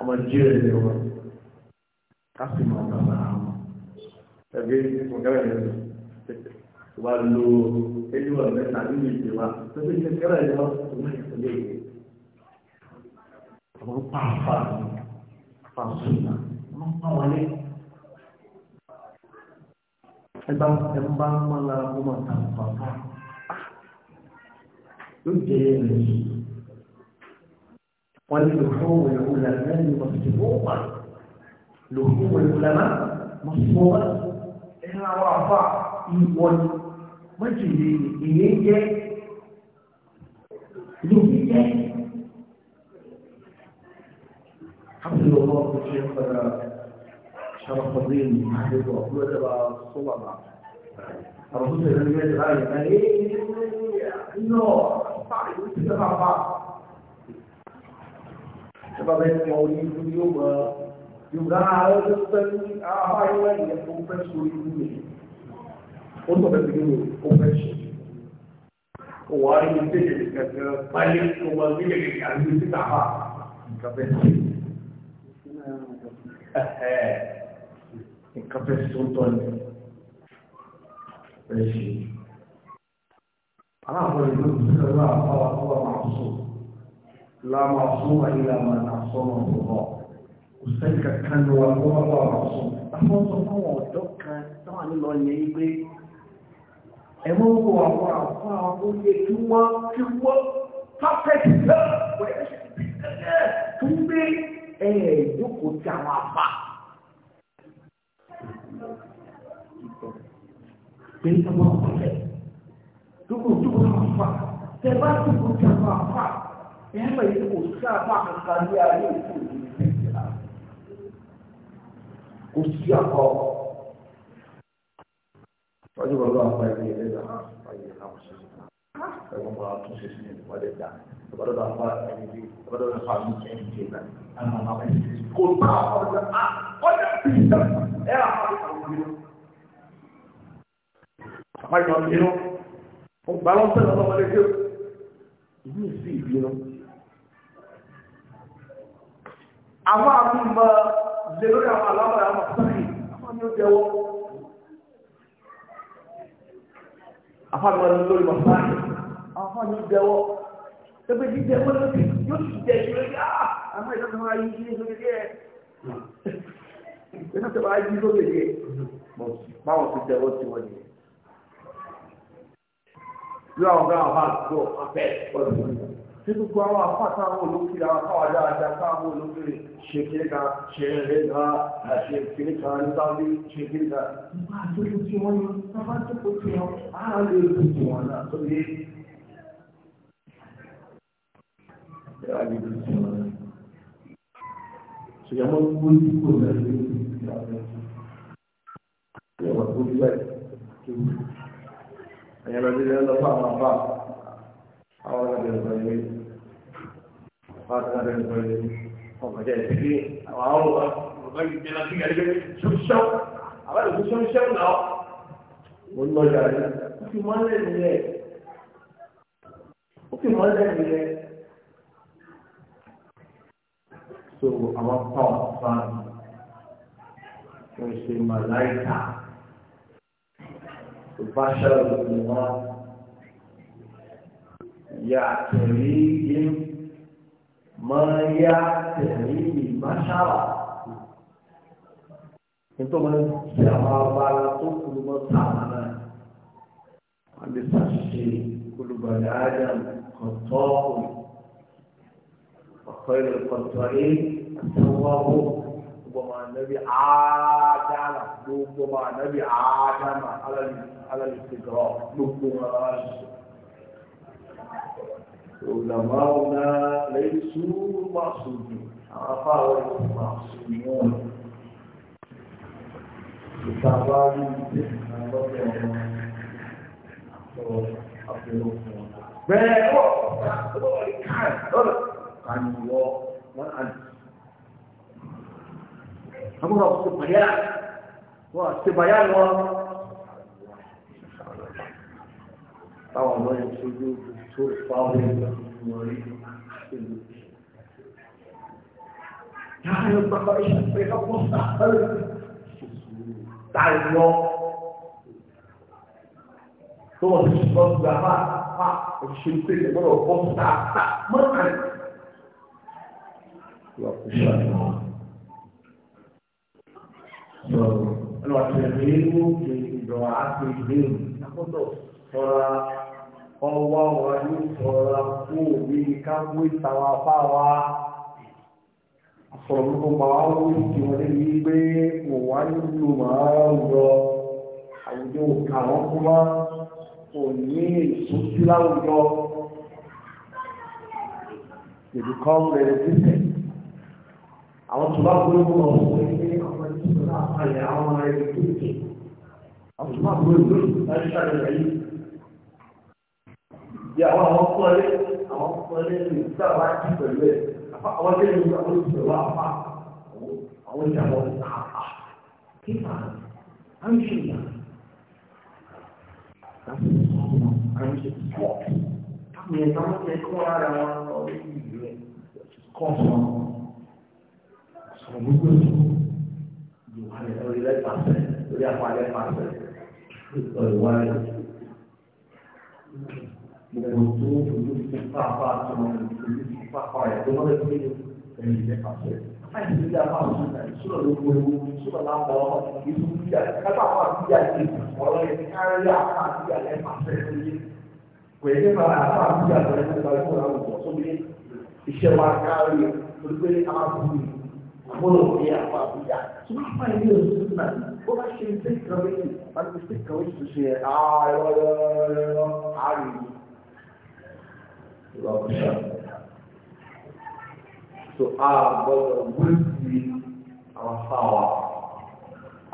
ọmọ jíire ni wọn ká sì mọ̀ ọ́n bàbá wọn ẹgbẹ́ ìgbẹ́rẹ̀ lẹ́nu wa lo ẹni wà mẹ́ta nínú ìdè wa tó fi ṣe kẹrẹ ẹ lọ tó má yẹ kọlé yìí. àwọn pàápàá pàṣẹ náà wọn pa wọlé. ẹ bá ẹ ń bá ń mọ́ra kó máa ta pàpà yóò jẹ ẹ lè sùn. wọn ní lòfóòwò ìwúlẹ̀ lẹ́yìn mọ̀síwọ́pà lòfóòwò ìwúlẹ̀ náà mọ̀síwọ́pà ẹ̀rọ àwọn àfa ìwọ́ni. májèlé ìyé jẹ́ lóbi jẹ́ حفظه الله شيخنا شرف الدين حفظه الله تبع الصلبة الرسول صلى الله عليه وسلم قال ايه انه صعب تبع بعض تبع بين مولين كل يوم يوم راح يقول اه هاي وين يقول فشو يقول ó tọ̀ bẹ́ẹ̀ bí ó fẹ́ ṣe. Wà á yin tẹ̀lé kẹ̀kẹ́ pálí tó wà nílé kẹ̀kẹ́ àti títà ha nǹkan fẹ́ ṣe. Nǹkan fẹ́ ṣe tó tọ́ ni fẹ́ ṣe. Aláàbọ̀ ìlú ìṣẹ̀lẹ̀ náà bá wà tó wà máa sùn. Láàmà sún wà nílà máa nà sọ́nà ọ̀rọ̀. Kò sẹ́ni kankan ló wà tó wà máa sùn. Àwọn sọ fáwọn ọ̀dọ́ kan táwọn nílò yẹn pé ẹ̀mọ́ wo àwọn àwọn àwọn oye tí wọ́n ti wọ́ pápẹ́tì náà wẹ́ẹ́ ṣe bí kẹ́kẹ́ tó ń gbé ẹ̀ẹ́dókòó àwọn àbá. Bẹ́ẹ̀ni ọmọ ọ̀pọ̀lẹ̀ dúkùdúkù náà fà tẹ́ bá dúkù tí a máa fà ẹ̀ mọ̀ yìí kò sí àbá kankan ní ayé ìfòyè ìfẹ́ ìlà kò sí àbọ̀. tọ́jú bọ̀ lọ́wọ́ àpá ilé isso, ìlànà àpá ilé ìlànà ṣe ṣe ẹ̀wọ̀n bá tún ṣe sí ẹ̀wọ̀n lè dá ìbádọ́dọ̀ àpá ẹni bí ìbádọ́dọ̀ àpá mi jẹ́ ẹni jẹ́ náà àwọn àwọn ẹni ṣe kò bá àwọn ọ̀dọ́ à ọ̀dọ́ bí ìtàn ẹ̀ àpá ìtàn ìbínú ó gbà lọ́n tẹ̀lé ọmọ lé kéw ìbí sí ìbínú. àwọn àmì afáàgbọ́n ní lórí bàbá rẹ̀ àwọn afáàgbọ́n ní jẹ́wọ́ tẹ́gbẹ́ ti jẹ́wọ́ lókè yóò sì jẹ́ ìṣúlẹ̀ bí ah, àmọ́ ìjọba máa yí sí lórí díẹ̀ ìjọba tó máa yí lórí díẹ̀ báwọn ti jẹ́wọ́ sí wọn yìí. bí àwọn bá àwọn bá gbọ́ afẹ́ ọ̀dọ́ tí gbogbo àwọn àpáta àwọn olókìrì àwọn àwọn àdáadá káàmù olókìrì ṣekíríkà ṣẹ̀rẹ̀gá ṣekíríkà nígbàmí ṣekíríkà nígbà tó lè tí wọ́n ní sábà tó kó tí wọ́n á lè rí tí wọ́n náà tó lè ṣèyàmọ́ gbogbo ìdíkò mẹ́rin ní ìgbà mẹ́rin ẹ̀yà lọ́dún lẹ́nu fún àwọn àbá أولى بالطيب قاتل بالطيب وبدأ به وهو الغيب جل في قلبه شو الشو عمل شو الشو لا والله جاهل وفي مالة بالله وفي مالة بالله سو أمطار صار ويسمى لايتا البشر والناس يعتريهم ما يعتريه بشرا انتم من شرابا كل مصعبنا عند الشيء كل بني آدم خطاء وخير القطائين التواب ربما النبي آدم ربما النبي آدم على الاستقرار ربما ulamauna laysu ma'sumin àwọn afáwọ̀ ma'sumin wọn ìtàbá ní ilé ìrànlọ́pẹ̀ ọmọ àtọ́ àfẹ́lọ́ fún wọn bẹ́ẹ̀ ọ̀ lọ́wọ́lì káì lọ́dọ̀ kàníwọ́ wọn àti àbúrò ọ̀sẹ̀ bàyá wọ́n àti bàyá wọn táwọn lọ́yẹ̀ sójú ojú por falta de patrimônio Ah, eu estava deixando pegar o constante. Talhó. Então, a eu pode gravar. Ah, a gente não tem agora, eu posso estar. Tá, manda. Eu puxar a mão. que eu acredito que doar, que Deus acordou. Fora. ọwọ́ wa ní ìṣọ́ra fún òbí ká mú ìtawà fá wa sọ̀rọ̀ wọ́n ní kí wọ́n lè pé kò wá nílò máa rọ àwùjọ òkà kú mọ́ kò ní èso sí láwùjọ ìlú kan rẹ̀ sísẹ̀ àwọn tó bá gbólógbó ọ̀sán ọ̀sán ní ọmọ ìṣòro àpàlẹ̀ àwọn ẹ̀rí ìyá àwọn àwọn kọ́lé àwọn kọ́lé lè gbà wá jí pẹ̀lú ẹ̀ àwọn kẹ́lẹ́ ní àwọn olùsọ̀rọ̀ wá fà àwọn ìyàwó àhà kí fà á ń ṣe pọ̀ káwọn yẹn táwọn ṣe kọ́ ara wọn lórí ìlú ẹ̀ kọ́ sọ sọ̀rọ̀ gbogbo ìwà rẹ̀ lórí lẹ́pàṣẹ lórí àpá lẹ́pàṣẹ lórí ìwà rẹ̀. 我做做一些画画，什么的，做一画画呀，多的这些都等一些考试。看人家画的是很色，又不又不那么好，一出题，他画画第一题考了一个看人家画第一题画谁第一，为什么啊？画第一题人家画的不牢一些画家里，除非他妈不我不会啊，画不下什么画的又不是难，我画山水特别牛，反正就是狗啊，来来来来，阿里。rọ́pṣọ̀n. so a gbọ́dọ̀ wíwí àwọn fáwọn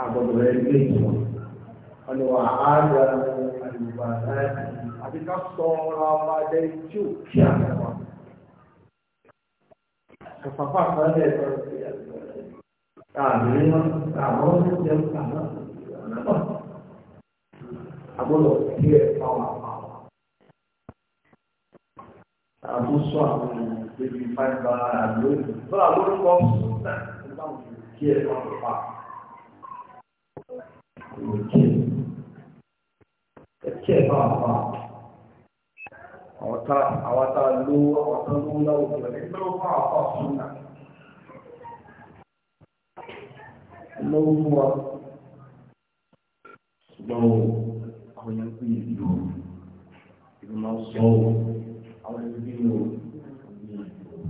a gbọ́dọ̀ rẹ̀ ní ìtumọ̀ ọ̀nà wà á yà ní àyùbá náà àti ká sọ ọ́ra wa dé tí ò kí àná wa. Kàfàfà kan lè àbúsọ àwọn èèyàn débi fáìbà lónìí lọ́la lórúkọ súnà nígbà wọn kí ẹ lọ pa ẹkẹ ẹ bá wà àwọn tá àwọn tá ló àwọn tá ló láwùjọ ẹ lọ́wọ́ fún àwọn pa lọ́wọ́ fún wa ṣùgbọ́n àwọn yẹn ń pè é ìlú ìlú máa ń sọ ọ́ àwọn ẹni bí o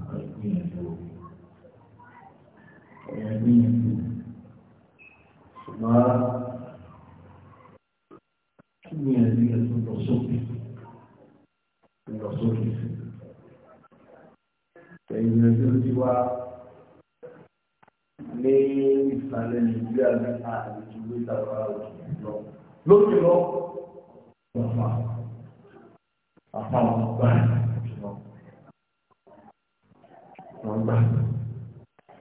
àwọn ìgbìyànjú àwọn ìgbìyànjú ṣùgbọ́n ìgbìyànjú yẹn tó lọ sókè lọ sókè ìgbìyànjú ti wá ní ìsàlẹ̀ nàìjíríà nípa àlejò wíta wà òkè lọ lókè lọ wọ́n fà á àfàwọn gbáyìí. gbà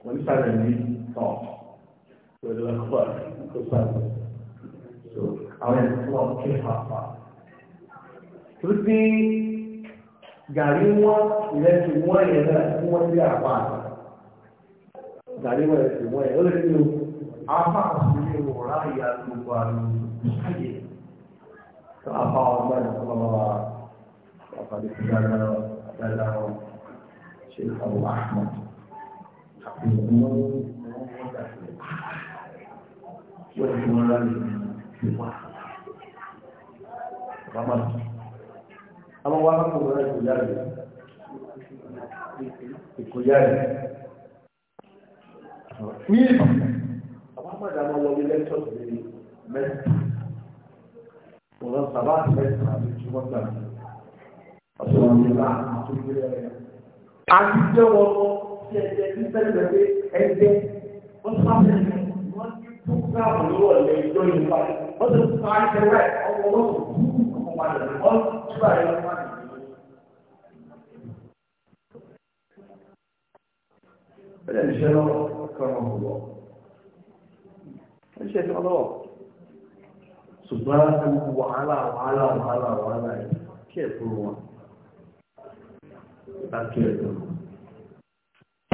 wọ́n ní sáré ní tọ̀ pẹ̀lú ẹ̀kọ́ tó sáré so àwọn ẹ̀kọ́ wọn kí pàpà tó sí gàrí wọn ìrẹsì wọn yẹn náà tí wọ́n ti àpá gàrí wọn ìrẹsì wọn yẹn ó lè ní apá àti ní ìwòrán àyà gbogbo àrùn ayé tó apá ọmọ ẹ̀ fún ọmọ wa àpàdé sí dáadáa Sheikh Abu Ahmad àbùkù wọ́n ti wọ́n rárá ti wá. Bàbá àwọn wa kò wọ́n rẹ̀ ìyá rẹ̀ ìkòyá rẹ̀. Ní àwọn àmàdà máa lọ ilé ẹjọ́ sí mẹ́ta. Mo lọ sábà mẹ́ta àti jùmọ̀ gbà. Ọ̀sẹ̀ wọn ni bá àtúndé rẹ̀ àti jẹ́ wọn lọ sí ẹ̀jẹ̀ ní sẹ́lẹ̀lẹ̀ pé ẹ̀jẹ̀ wọ́n sá sẹ́lẹ̀ wọ́n ti tún káàbù lọ́wọ́ ilẹ̀ ìjọ yìí wá wọ́n ti tún káàbù tẹ́lẹ̀ ọmọ wọn tún ọmọ padà wọn padà. Bẹ́ẹ̀ lọ́wọ́ kan ọmọ Ẹ ṣe lọ́wọ́. Ṣùgbọ́n wàhálà wàhálà wàhálà wàhálà yìí kí ẹ̀ fún wọn láti ẹ̀dọ̀.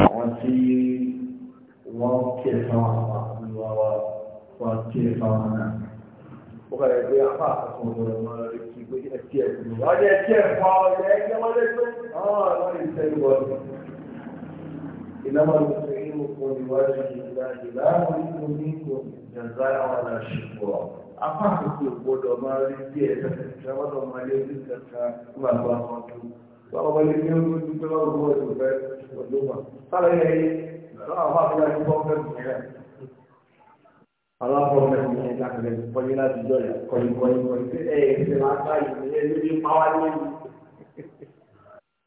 Àwọn tí wọ́n kí ẹ̀ fáwọn àwọn àmúlùwà wa wọ́n kí ẹ̀ fáwọn náà. Ó kàrẹ̀ pé apá àkọ́kọ́ ọ̀rọ̀ wọn lọ kí pé ẹ kí wọ́n lé pé ah, ọ̀hún àwọn ìṣẹ́ ìwọ̀ ni. Ìnáwó ló àwọn ìlú ní kò Apá àkọ́kọ́ ìgbọ́dọ̀ máa rí bí ẹ̀ẹ́dẹ́gbẹ̀ta wọ́n lọ máa lé ní kẹta nígbà tó ọdún. Kalau balik ni pun kita baru buat tu kan, buat rumah. Salah ni, kalau apa kita jumpa kan ni kan. Kalau apa kita ni kan kita pergi lah jual ya, koin koin koin. Eh, silakan ini ini mawar ni.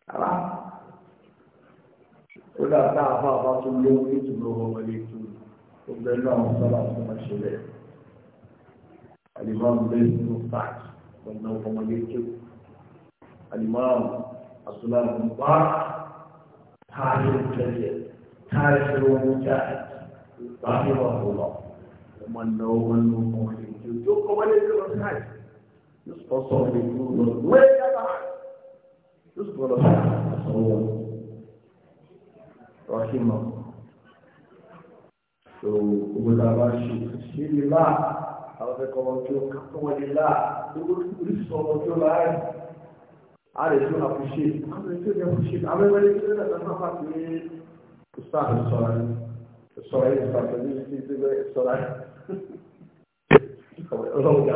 Kalau sudah tak apa apa sungguh itu belum balik tu. Kemudian masalah sama syirik. Al-Imam bin Mustaq, benda orang Malaysia. Al-Imam الصلاة المبارك تعرف الكثير تعرف المجاهد رحمه الله ومن هو المؤمن يجوك ولد المساج يصبح صوت يقول وين يصبح صوت رحمه الله وبالعرش بسم الله هذا قوانين كفوا لله يقول كل صوت الله ààrẹ tó appreciate ààrẹ tó ní appreciate abẹ́wẹ́lẹ́ ti bẹ́ẹ̀ sọ̀rọ̀ yìí ọlọ́wọ́jà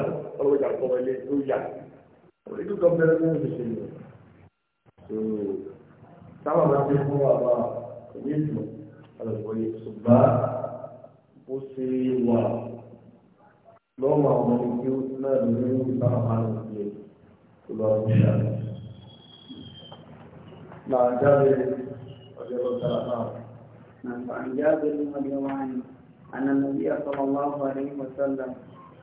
àwọn ìgbé tó lọ́wọ́ ìṣàlẹ̀. وعن جابر رضي الله عنه نعم جابر رضي الله عنه أن النبي صلى الله عليه وسلم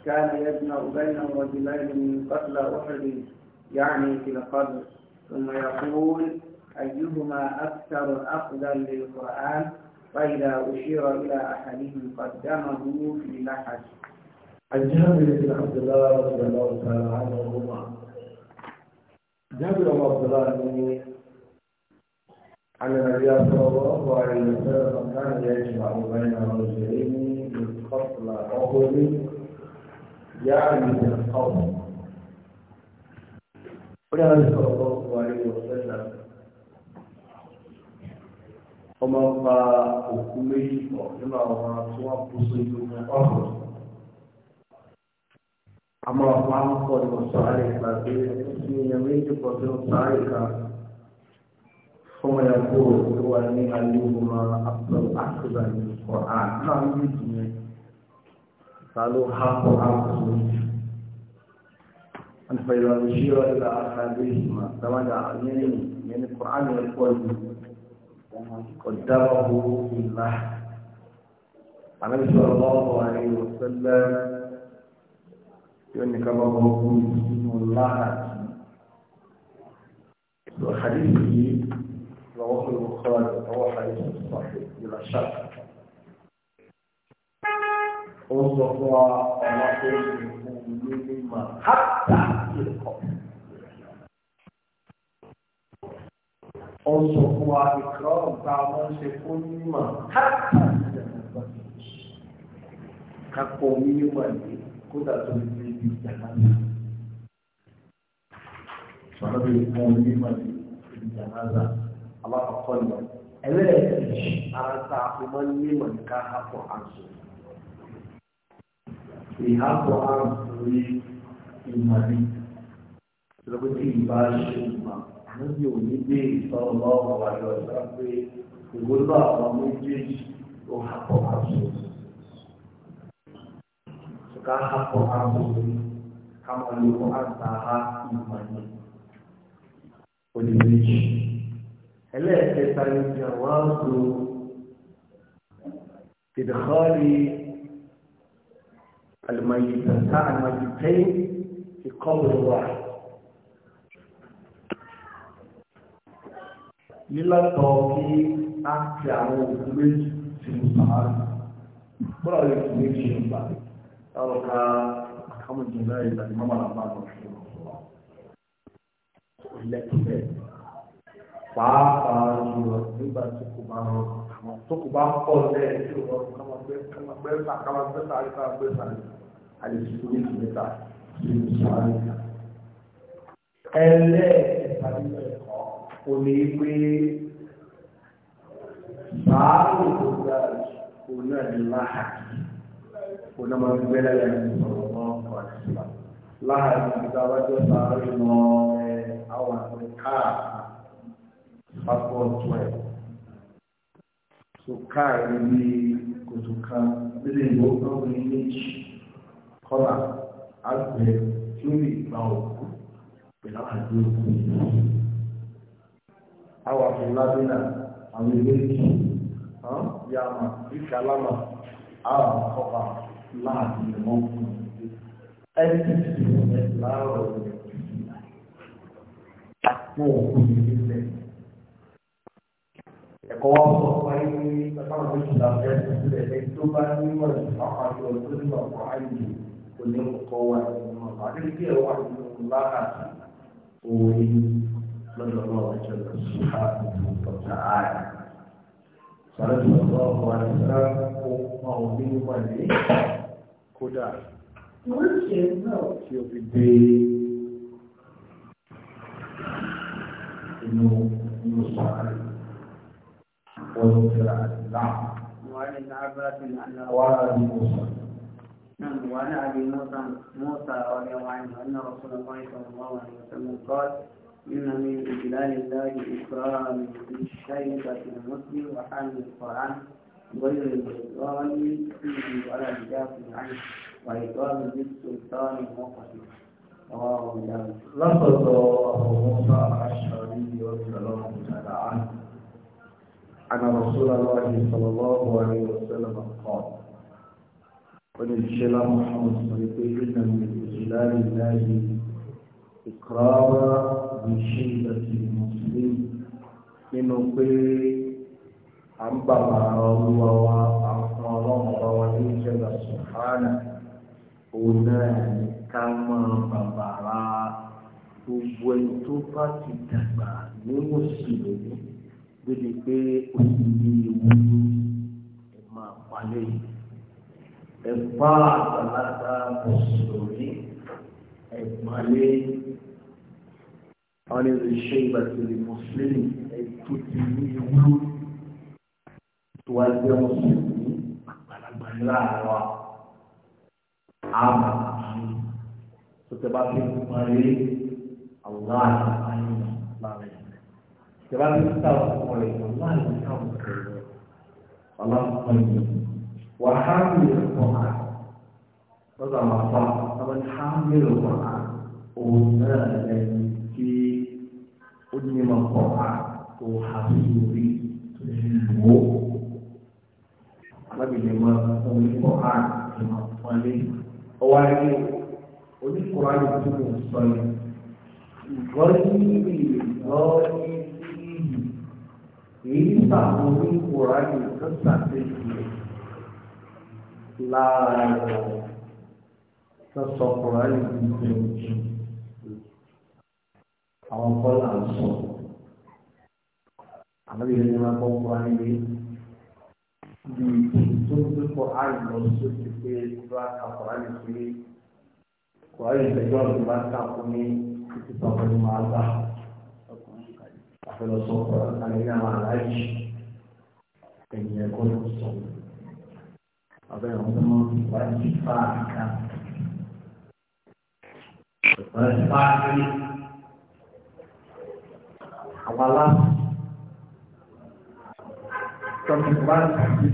كان يجمع بين رجلين من قتلى أحد يعني في القبر ثم يقول أيهما أكثر أخذا للقرآن فإذا أشير إلى أحدهم قدمه في لحد عن جابر بن عبد الله رضي الله تعالى عنهما جابر بن عبد الله أن النبي صلى الله عليه وسلم كان يجمع بين رجلين بالقتل أحد يعني بالقول قال صلى الله عليه وسلم ọmọ ń pa òkú méjì pọ̀ nínú àwọn tí wọ́n kú sí ìlú ọ̀hún. àmọ́ ọ̀pá ń pọ̀ ní ọ̀sán àríkà pé ó sì ń yan méjì pọ̀ sí ọ̀sán àríkà. ثم يقول هو اني علمهما افضل احسن من القران نعم يجي قالوا ها قران أن فإذا أشير إلى أحدهما فماذا أعني من القرآن يقول قدره في النحر النبي صلى الله عليه وسلم يقول كما هو الله الحديث رواه البخاري وهو حديث صحيح بلا شك وصفى ونقول مما حتى يلقى وصفى إكرام تعمل سيكون مما حتى يلقى كقوم مما كذا تريد بالجهنم فهذه القوم مما بالجنازة alákọ̀ọ́kọ́ ni ẹlẹ́ẹ̀kejì ara ta ọmọ ní mọ̀nìká hapọ̀ àǹsù ìhapọ̀ àǹsù rí ìmọ̀lì lọ́gbọ́n tí ìbá ṣe ìmọ̀ níbi òní gbé ìtọ́rọ̀ lọ́wọ́ àjọ ìgbà pé ìgbóná àwọn méjèèjì ó hapọ̀ àǹsù ká hapọ̀ àǹsù rí ká máa lo àǹtà ha ìmọ̀lì oníméjì ẹlẹ́ẹ̀kẹta ni ti àwọn àgbò ìdíkọ́lì àlùmọ̀yìntà àlùmọ̀yìntẹ́yìn ti kọ́wé wà. lílọ́tọ̀ kí á ti àwọn òkú méjì ti ń sàárà bọ́lá lè fi méjì ń bà ọ̀rọ̀ ká àkàmùjọ náà ìlànà pàápàá jùlọ nígbà tí kò bá rọ àwọn tó kò bá pọ̀ lẹ́yìn tí ò rọrùn ká máa gbé ká máa gbé sà ká máa gbé sàárè ká máa gbé sàárè àlejò tó ní kìlẹ́tà sí ní sàárè. ẹlẹ́ẹ̀kẹta nínú ẹ̀kọ́ kò ní pé sàárè tó ga jù kò náà ní láhàkì kò náà máa gbé lẹ́yìn sọ̀rọ̀ náà kọ̀ láhàkì ìdáwájọ́ sàárè mọ́ àwọn àwọn káà. afọ 12 so kaa ní kòtò kan nílé ìwọ ọkùnrin méjì kọlà àgbẹ̀ lórí ìgbà òkú pẹ̀lú àjọ òkú àwọn afọlábínà àwọn ilé ìkí yàmà ìkàlámà àwọn akọpa láàrin ìmọ̀ fún ẹni tí ìsìn láàrọ̀ ìrìn àpò òkú nílé ẹ̀kọ́ wọn sọ fún ayé pé bàbá mi ti là fẹ́ sílẹ̀ ẹ̀ tó bá nímọ̀ ìfọ̀kà yọ tó nímọ̀ fún ayé kò ní kọ́ wa nínú ọ̀pá àdébíkí ẹ̀ wà nínú lára òwe lọ́dọ̀ lọ́wọ́ ọjọ́ lọ sí àbùkù tọ̀tà ààrẹ. Sọ̀rọ̀ tó lọ ọkọ̀ àìsàn kó máa ń bí wọlé kódà. Wọ́n ṣe náà tí o fi dé inú inú sọ̀rọ̀. وعن ابن عباس انه وعن ابي موسى نعم وعن ابي موسى موسى رضي الله عنه ان رسول الله صلى الله عليه وسلم قال ان من اجلال الله اكرام الشيخة المسلم وحامل القران غير الظالم فيه ولا بدافع عنه وإكرام بالسلطان وقته رواه داود لفظ ابو موسى الاشعري رضي الله تعالى عنه أن رسول الله صلى الله عليه وسلم قال وللشلا محمد صلى الله عليه وسلم من إجلال الله إقرارا بشدة المسلم nínú pé à ń bà màrà olúwa wa àwọn ọlọ́run ọba wa ní ìṣẹ̀lẹ̀ sùhánà òun náà ní ká máa bàbàrà gbogbo ẹni tó bá ti dàgbà ní mùsùlùmí débi pé oṣù ní ìwúlú ẹ máa palẹ̀ yìí ẹ bá àgbàlagbà mùsùlùmí ẹ palẹ̀ àwọn ẹni ṣe ìgbàsílẹ̀ mùsùlùmí ẹ tó ti ní ìwúlú tó wá jẹ́ mùsùlùmí àgbàlagbà láàárọ̀ àmàlà tó tẹ bá fi parí àwọn àgbàlagbà yìí ìjọba tó ń ta ọkọ rẹ̀ ọlá ìjọba ọkọ rẹ̀ ọlá ọkọ rẹ̀ wà á mi lè kọ́ ha lọ́dọ̀ àwọn afọ àwọn ní ha mi lè kọ́ ha òun náà lẹ́yìn tí ó ní ìmọ̀ kọ́ ha kò ha sí orí tó ti wò ó. alábìlẹ̀ máa ń fún mi kọ́ ha ìmọ̀ fún ẹ ọwọ́ ayé oníkùrọ̀ ayé tó ń sọ yìí ìgbọ́n ní ìgbọ́n ní èyí sàmú ní kùránì tó sàtẹ́jì lára rẹ̀ tó sọ kùránì ní kùránì àwọn kọ́là ń sọ àwọn ìrìn ní wọn kọ́ kùránì rí bí tó ń gbé kùránì lọ sókè pé ìdúrà ká kùránì pé kùránì ìgbẹ́jọ́ ìdúrà ká fún mi títí tọ́kọ́ ní máa gbà. ọlọ́sọ̀kọ̀ àgbẹ̀yà aláìsí ẹ̀yìn ẹ̀kọ́ ló sọ. Àbẹ̀ vai ọmọ ìwà Vai fa àká. Ìwà Vai fa àká. vai aláàbò. Tọ́jú ìwà ti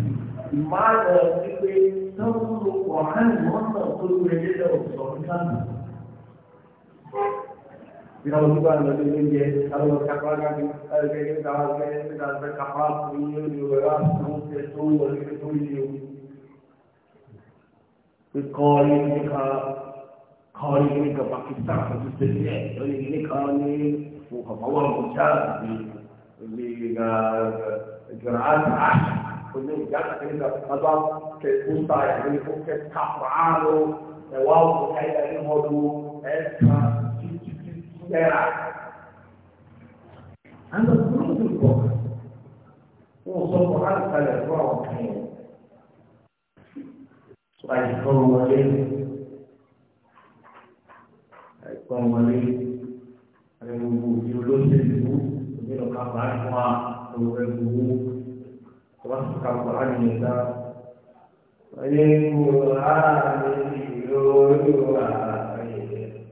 ìwà rẹ̀ wípé tọ́jú ọ̀hán ìwọ̀n náà tó lóore lé lọ́wọ́ sọ̀rọ̀ náà. बिना वजू का अंदर लेंगे हर वक्त कपड़ा का हर के दाल के दाल का कपड़ा पूरी जो है दूध से दूध और से पूरी जो कौड़ी लिखा खाने का पाकिस्तान जिससे और ये खाने वो हवा मुझा लेगा ग्रास आश कुने जात का मजा के पूछता है ये को के कपड़ा लो वाओ है ये मौजूद ऐसा será. Anda tudo bom. Um socorrado para levar o caminho. Vai como ali. Vai como ali. Aí o violão de Lu, o meu cavalo com a o Lu. Vai ficar por ali, tá? Aí o ar, ele,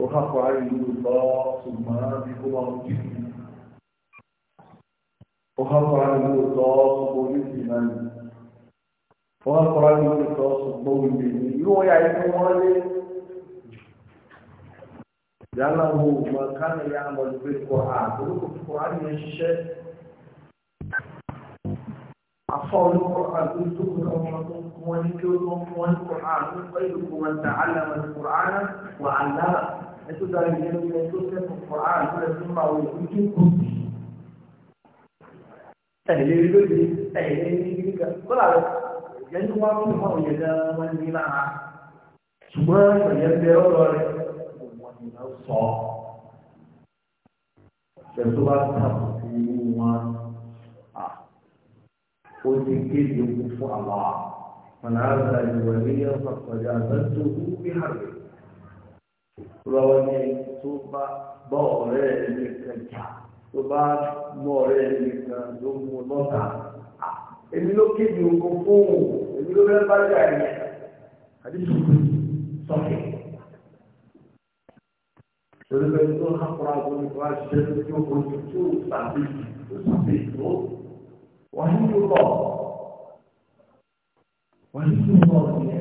وخاف عين الله ثم بكم ربكم وخاف عين الله ويثمن وخاف عين الله ويثمن هو يعلم والد لأنه ما كان يعمل بالقرآن ولكن القرآن يشيشه أصول القرآن يتوقع ومنكم ومنكم ومنكم ومن تعلم القرآن وعلمه ẹtú darí ìyẹn ló yẹ tó sẹ́kù kọ́án tó máa wò ojú kù. ẹ̀lẹ́ lóde ẹ̀lẹ́ nígbà kọ́lá rẹ̀ yẹn tó wọ́n fún ìmọ̀ òye náà wọ́n ní lára ṣùgbọ́n ìyẹn bẹ ọ̀rọ̀ rẹ̀ wọ́n ní lọ sọ. ṣètò bá tàbí fún wọn ó ní kéde fún àwọn. من عاد لي وليا فقد عبدته بحربه lọ́wọ́ ní tó bá bọ́ ọ̀rẹ́ ẹni kan jà tó bá mú ọ̀rẹ́ ẹni kan ló mú lọ́ta èmi ló kéde ogun fóun èmi ló fẹ́ bá jà yẹn àdìsí sọ́kẹ̀. Torí pé tó ń hapọ̀ra ọ̀gbọ́n ní wàá ṣiṣẹ́ tó tó ojú tó sàbí tó sàbí tó wọ́n yóò lọ wọ́n yóò lọ sí ẹ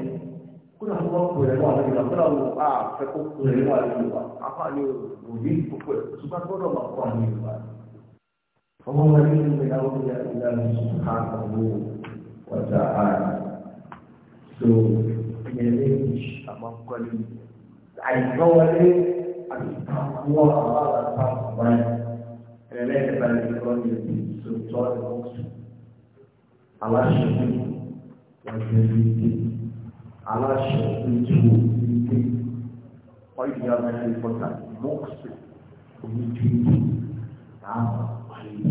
súnà tó wọ́n pè lẹ́wọ́ àwọn ìgbà fúnra wò á ah, fẹ́ kó pè lẹ́wọ́ àwọn Yorùbá afá ni òbí púpọ̀ ṣùgbọ́n gbọ́dọ̀ máa kó àwọn Yorùbá. ọmọ wọn ní ìlú ìyá wọn ní ìlà ìṣù ká àwọn ọjà ààrẹ so ìyẹn ní àmọ́kọ́lé àìsọ́wọlé àti àwọn àwọn àgbà wáyé ẹ̀rẹ́dẹ̀ẹ́dẹ́gbà ní ìkọ́ni ìṣòtọ́ ìwọ́sùn aláṣẹ wọn ti rí i aláṣẹ ojú ilé ọ̀yìn ìyá ọ̀gá mọ́ọ̀sì ojú ilé láwọn àpáyé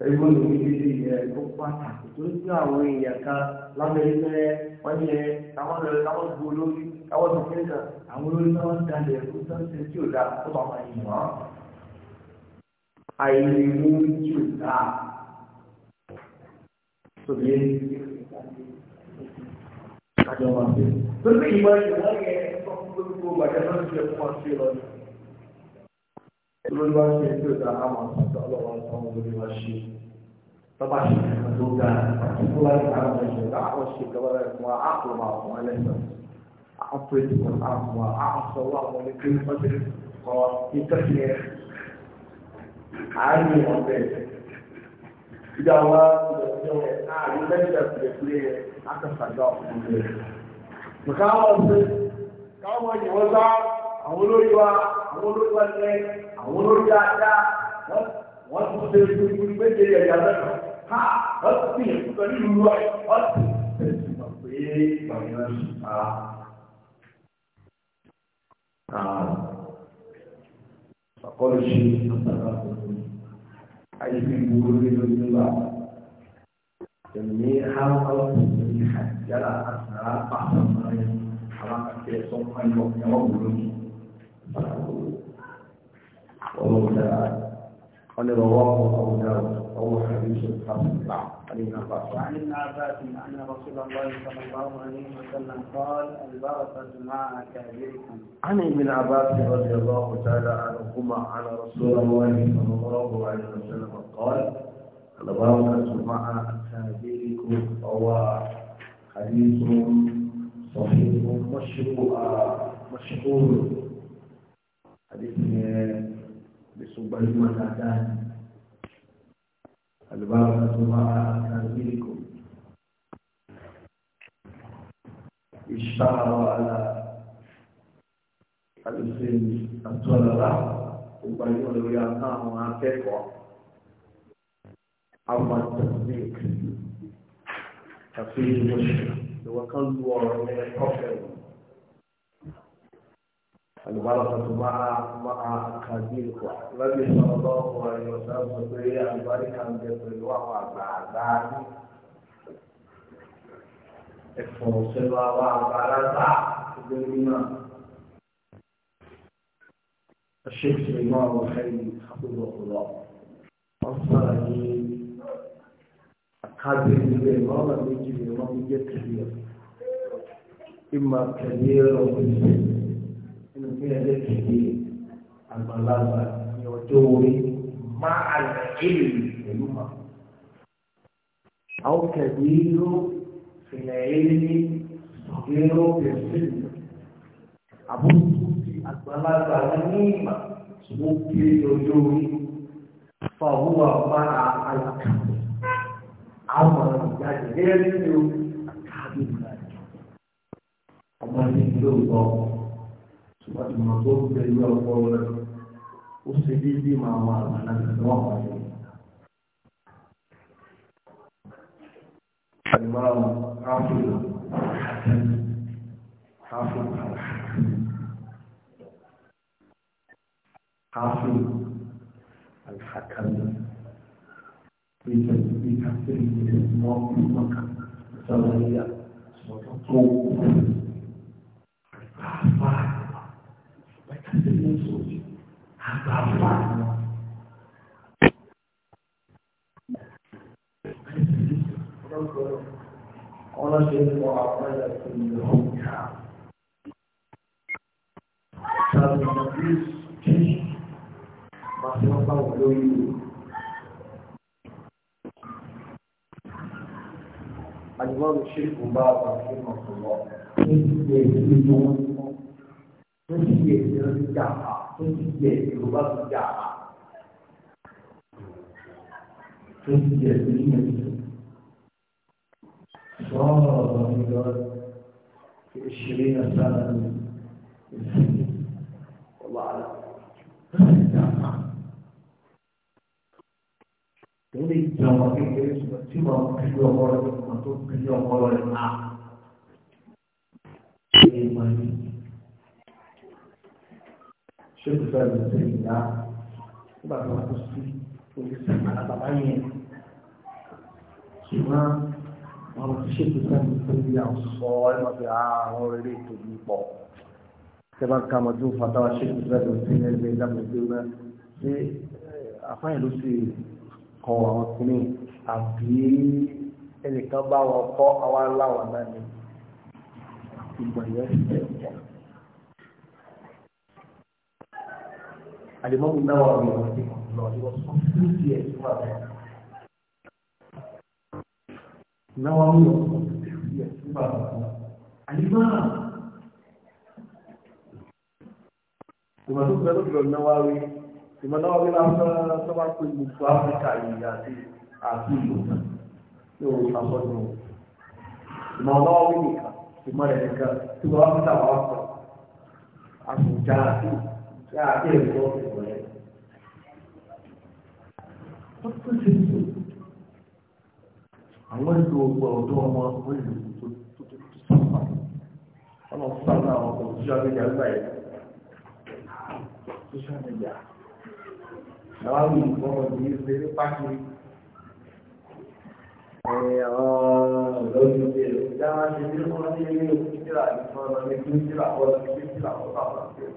láwọn ní ilé ẹ̀ tó pàtàkì tó ń àwọn èèyàn kan lábẹ́rẹ́ wọ́n yẹ káwọn lọ káwọn gbó lórí káwọn tó fẹ́ àwọn olórí náà ń dalẹ̀ fún sọ́ọ̀sì tí ò dáa tó bá yìí wọ́n. Àìlè lórí tí ò dáa tòbí yé àjọ wa sí. tó ní ìmọ̀ ìwọ́n yẹn tó ń gbogbo gbàgbé lọ́dún tó yẹ kó wọ́n ṣe lọ́dún. lórí wá ṣe tó dá àwọn àtúntò ọlọ́wọ́ tó ń lórí wá ṣe. tọ́ba ṣe nǹkan tó dáa àti tó bá ṣe àwọn ẹ̀ṣẹ̀ láwọn ṣe gbọ́dọ̀ rẹ̀ fún wa á kò máa fún wa lẹ́sọ̀. àwọn pèsè wọn á fún wa á sọ wọ́n àwọn ilé tó ń bọ́ ìdá wa ààrẹ lẹ́yìn ìpìlẹ̀pìlẹ̀ akẹ́sàgbà ọ̀pọ̀lọpọ̀ nǹkan àwọn ọ̀sẹ̀ káwọn ìyẹ̀wọ́ sá àwọn olórí wa àwọn olórí wa lẹ àwọn olórí dáadáa wọ́n tún ṣe gbogbo méje ẹ̀yà mẹ́ta ha wọ́n ti pín ìlú pẹ̀lú ìlú wa wọ́n ti tẹ̀sí mọ̀ pé ìgbàgbọ́ ṣùgbà. Àkọlù ṣe àtàkùn. Ayat yang buruk itu Allah Demi hal Allah Demi hajar Asal Pasal Yang Alam Kesok Yang Yang Buruk Walau Walau قال رواه أبو داود وهو حديث حسن بعض عن ابن عباس وعن ابن عباس أن رسول الله صلى الله عليه وسلم قال البركة مع أكابركم عن ابن عباس رضي الله تعالى عنهما عن رسول الله صلى الله عليه وسلم قال البركة مع أكابركم وهو حديث صحيح مشهور مشهور حديث èso gbajúmọ̀ dáadáa ni àlùbáwọ̀ tó máa kàrílìkò ìṣàwọ̀ àlà àlùsẹ̀ àtúọ̀lọ́lá tó gbajúmọ̀ lórí àwọn àwọn akẹ́kọ̀ọ́ àwọn àtẹ̀síkì àfi ìmọ̀ṣẹ̀ ìwọ̀kan lu ọ̀rọ̀ ẹ̀kọ́ fẹ́ràn. البركة مع مع كبيركم النبي صلى الله عليه وسلم في البركة من الله مع ذلك الفوصل وعبارة بالإمام الشيخ سليمان الخيري حفظه الله أصلي قادر بالإمام الذي يجب الإمام يكبر إما كبير أو كبير ní ẹlẹ́kẹ̀ẹ́ àgbàlagbà ní ọjọ́ orí máa lè éèlì pẹ̀lú mà. àwọn kẹ̀bí ló fìlẹ̀ éèlì ìró pẹ̀lú àbúrò àgbàlagbà ní ìmà ó kí ọjọ́ orí fàwọ́ máa àlàkàbọ̀ àwọn ìjáde ẹ̀rí ni ó àkàbọ̀ ìgbà ọmọdé ló ń láti mọ̀ tó ń bẹ ilé ọkọ rẹ̀ ó ṣe déédéé máa wà láti fi wọ́n wà ní. Àyùmáwò Áfíríkà Áfíríkà Áfíríkà Àlùfàkàlù Bíkà bíkà bíkà mọ́ mọ́kà sọ̀rọ̀ yíyà sọ̀tọ̀ tó kù. àgbàfà ṣe kò bá àwọn akẹ́kọ̀ọ́ lọ. Ó ti ṣe ìlú tó ti yẹ ìṣẹ̀lẹ̀ ti jà pa tó ti yẹ Yorùbá ti jà pa tó ti yẹ ìṣẹ̀lẹ̀ ti jà صار رمضان في عشرين سنة من سنة والله أعلم Jadi jangan kita cuma kedua orang atau kedua orang nak. Ini ṣé kò fẹ́ lọ sí ìyá nígbà tó wà kó sí oríṣi àlá bàbá yẹn ṣùgbọ́n àwọn tí ṣé kò fẹ́ lọ sí ìyá sọ ẹ máa fi àwọn rere ètò yìí pọ̀ tẹ́bà ká mọ̀ tó fata wá ṣé kò fẹ́ lọ sí ìyá ẹgbẹ́ ìdáàbò tó rẹ̀ ṣé àfáyẹ̀ ló sì kọ àwọn kìnnìún àbí ẹnìkan bá wọn kọ́ àwọn aláwọ̀ náà ni ìgbọ̀nyẹ́ ṣe pọ̀. alimọ́mù náà wà ní ọ̀sẹ̀ lọ ìwọ sọ fún ìdí ẹ̀ tó wà bẹ́ẹ̀. náà wà ní ọ̀sẹ̀ ìdí ẹ̀ tó wà bẹ́ẹ̀. àyíká ìmọ̀tò pẹ̀lú ìrọ̀lẹ́ náà wá rí ìmọ̀ náà wá rí lásán tó bá pé gbogbo áfíríkà yìí àti àti ìlú yóò rí àbọ̀dù ìmọ̀ náà wá rí nìkan ìmọ̀ rẹ̀ nìkan tí wọ́n á fi tàwọn àpò àpò jáde láàbí ẹ̀kọ́ ọ̀pọ̀ rẹ̀. Wọ́n tún ṣe ń Àwọn ìlú ọgbà ọ̀dọ́ ọmọ ọmọ ìlú tó tó tó sábà. Wọ́n lọ sábà àwọn ọkọ̀ tó ṣáà méjì àgbà yẹn. Tó Àwọn àwọn ìlú ọmọ ìlú ṣe ní pákí. Àwọn ọ̀dọ́ ti ṣe ìdáwà ṣe ní wọ́n ilé òkú sílà ìfọ̀nà ní kí ọ̀dọ́ ti ọ̀dọ́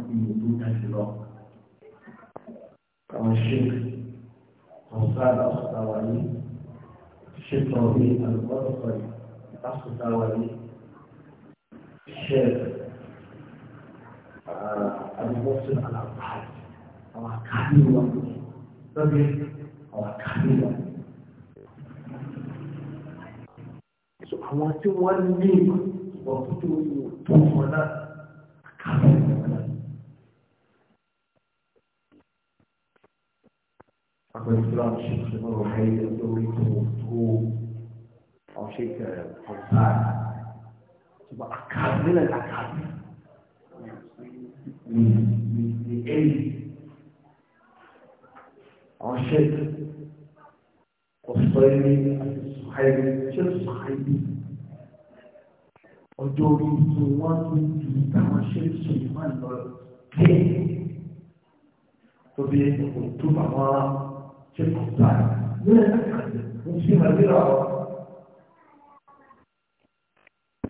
ìlú náà lọ. Àwọn ṣéèkì ọ̀sán àkùtàwà yìí ṣètò orí àlùbọ́sọ̀ àkùtàwà yìí ṣéèkì àlùbọ́sọ̀ àlàbáyé àwọn àkáàbí wa lọ́dẹ àwọn àkáàbí wa. Àwọn tí wọ́n ní ìgbà tó tó yẹ tó wọn náà àkáàbí wa. أبو الإسلام الشيخ سمير وحيد الدوري توتو أو شيخ حسان تبقى أكامل الأكامل من علم أو شيخ قصيري الصحيبي شيخ الصحيبي ọjọ́ orí tí wọ́n ti di táwọn ṣe ń sọ ìmọ̀ lọ kéèké tóbi ètò àwọn في القطاع لا أكثر مسلمة بالعرب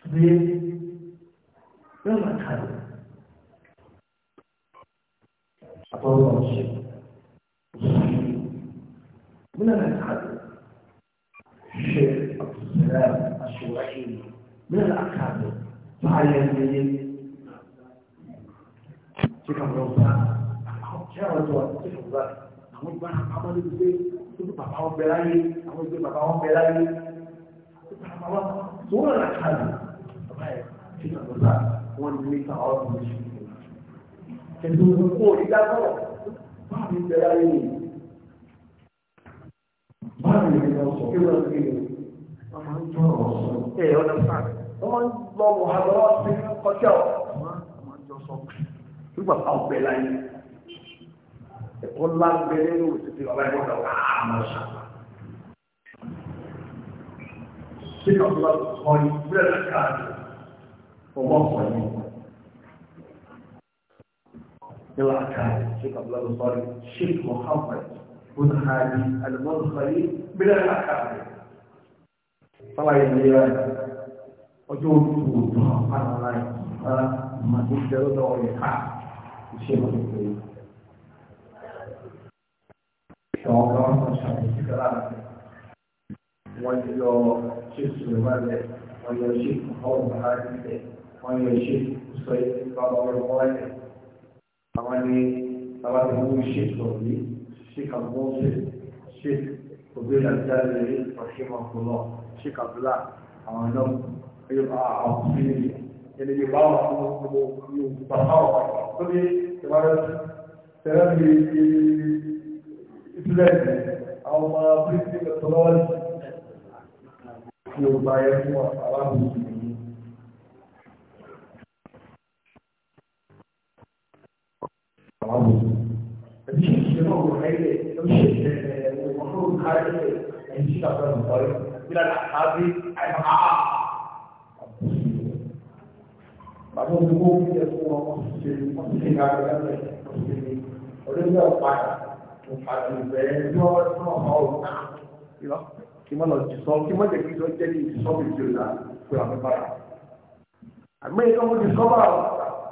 ليه؟ يوم أتحدث أطلع الشيء من الأكاد الشيخ عبد السلام الشورعي من الأكاد فعلى المدين تكمل رمضان جاء رجوع تكمل ذلك àwọn ìgbà àpamọ́ ló ti pé tóbi bàbá wọn bẹ láyé àwọn ìgbà bàbá wọn bẹ láyé tó wọ́n rà kálù bàbá ẹ̀ ṣe ìgbàlódà wọ́n ní níta ọ̀rọ̀ mi ṣe. ẹ̀dùn òkú ìdájọ́ báà mi bẹ láyé ni báà mi bẹ lọ sọ kéwàá sí i wọ́n máa ń tọ́ ọ̀rọ̀ sọ. ẹ ẹ ọ̀nà fún wọ́n máa ń jọ sọ pé nígbà bá ọ̀bẹ láyé ẹ̀kọ́ ńlá ń bẹ nínú òtítì ọba ẹ̀kọ́ kan wà á máa ṣàpá. Ṣé kàwé wà lọ́kọ́ yìí bẹ́ẹ̀ ní káàdì ọmọ ọ̀pọ̀ yìí? Ìlà káàdì ṣé kàwé wà lọ́kọ́ yìí ṣé Mùhàmmad bin Hadi Al-Mudkhali bẹ́ẹ̀ ní káàdì. Fáwọn yìí ni yára ọjọ́ olùkú òtún àwọn ará yìí máa ń jẹ́ lọ́dọ̀ ọ̀yẹ̀ká ìṣèlú ìgbéyàwó ṣọ̀wọ́n kan wọ́n ṣàlàyé sí kọ́lá rẹ̀. Wọ́n yọ ṣé Sùlùmọ́ lẹ̀, wọ́n yọ ṣé Ọ̀hún Bàhárí lẹ̀, wọ́n yọ ṣé sọ yìí bàbá ọlọ́wọ́ lẹ̀. Àwọn ni bàbá tó mú ṣé sọ̀rí, ṣé kàbọ̀ ṣe, ṣé òbí ìlàjà lè ọ̀ṣẹ́ mọ̀kúlọ̀, sílẹ̀ẹ̀sì àwọn ọmọ bíríkì mẹtọlọ́ọ̀lì tí ó bá yẹ fún aláàbòsí nìyí. aláàbòsí. ẹbí ṣe náà wọ ẹyẹ ló ṣe ṣe ẹ wọn kó kárí ẹ ẹyìn tí kàtà ń sọ yìí bí láti àbí àìmọ̀ àá. Bàbá olùkọ́ fi ẹ̀fọ́ wọn, wọ́n ti ṣe wọ́n ti ṣe ìgbà àgbẹ̀ lẹ́sẹ̀, wọ́n ti ṣe ní ọdún yóò padà kí mọ́ lọ jù sọ kí mọ́ jẹ́ kí sọ jẹ́ ní ìsọ́bì tí ó là pé àmì bára àmì ìkan mo ti sọ bá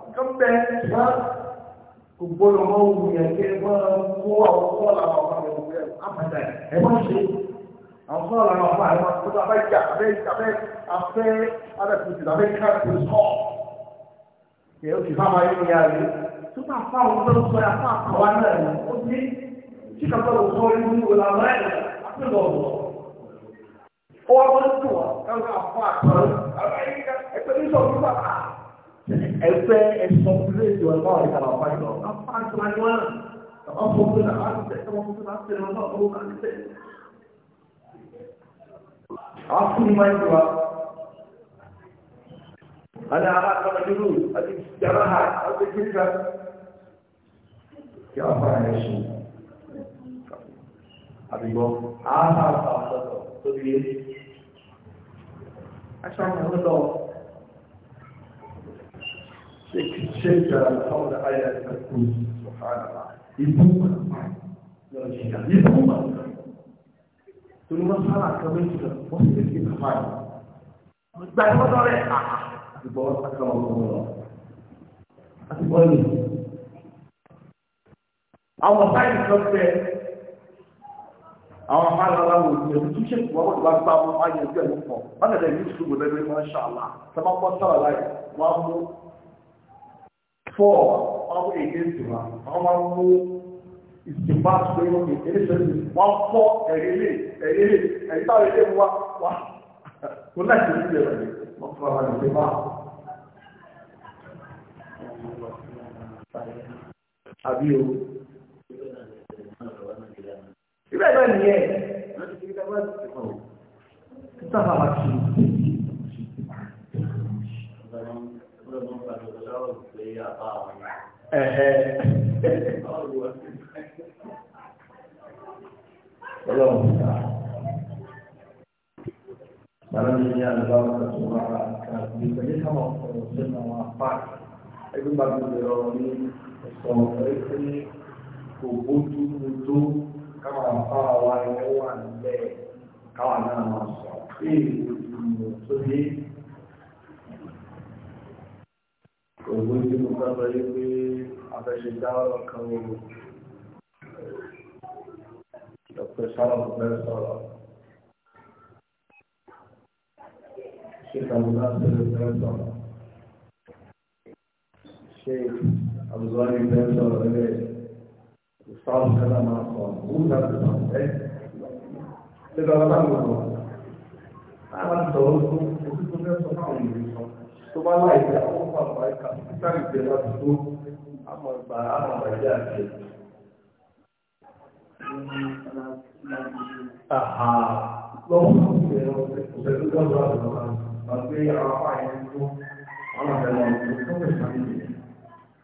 nǹkan bẹ ṣá gbogbo ọmọ òun yẹn kí ẹ bá kó àwọn fọ́ làwọn ọmọ rẹ̀ wọ́n yẹn àpàdà ẹ má ṣe àwọn fọ́ làwọn ọmọ rẹ̀ wọ́n tó dábẹ́ jà abẹ́ abẹ́ afẹ́ alẹ́kùnrin abẹ́ káàkiri sọ yẹn ó ti fáwọn ayé ní yàrá yìí tó bá fáwọn ọmọ tó sọ yà fún àkàwá náà ó ní kí kàtà lọ sọ orí ní ìwòlà mẹ́rin àti lọ́wọ́. Ó wá wọ́n tó wà káwọn àfọ àtọ́rọ́. Ẹgbẹ́ mi sọ fún bàbá. Ẹgbẹ́ ẹ̀sọ́ fúlé ìwà náà ní kàlà ọ̀pá ìlọ. Apá àti wá ní wọn. Àwọn fún mi àti tẹ̀sán wọn tẹ̀sán fún mi àti tẹ̀sán. Àwọn ara kọ́nà nínú àti jàrá àti kíkà. Kí á fara ẹ̀ àbígbọ́ àáfà àfà tó bí yé aṣọ àwọn ọlọ́tọ̀ ṣe kì í ṣe ìjà àwọn ọ̀dà ayé ẹ̀kú ọ̀hánàmà ìbú ìbú tó ní wọ́n sára kan méjì lọ wọ́n sì lè fi bàbá rẹ̀ wọ́n gba ìwọ́dọ̀ rẹ̀ àbígbọ́ àkàwọn ọmọ lọ àbígbọ́ yìí àwọn báyìí kan fẹ́ẹ́ àwọn alára wò ní ẹni tó ṣe wọ́n tó bá gbá wọn ayé ẹgbẹ́ ló pọ̀ wọ́n lè ní ìṣòro bẹ́ẹ̀ wọ́n ṣàlá sábà pọ́ sára láì wọ́n mú fọ́ wọ́n mú èdè ìtura wọ́n máa mú ìsìnbá tó yẹ kí èdè ìṣòro wọ́n fọ́ ẹ̀rí lè ẹ̀rí lè ẹ̀rí táwọn ilé ibẹ̀ náà nìyẹn láti fi ká bá ti kàn ó títà bàbá kì í. Ọlọ́run ta. Bàbá mi ní àlùbáwọ̀ tó wà káàkiri pẹ̀lú káwọn ọ̀rọ̀ sínú àwọn apá. Ẹgbẹ́ bá mi bẹ̀rẹ̀ ọ̀rọ̀ ní ọ̀sán ọ̀rẹ́ pé kò bójú tó káwọn àpáwà wa ẹ̀wọ́ wà nílẹ̀ káwọn náà máa sọ pé ìlú tó yé òwe tí mo fẹ́ lọ yé pé afẹ́ṣe dáwọ́ kan wo ìdọ̀pẹ́ sára kò Staat selber nachkommen. Gut hat es auch, echt. Das ist aber lang geworden. Aber so, das ist so sehr so lang gewesen. So war leid, àwọn afáyẹn tó tó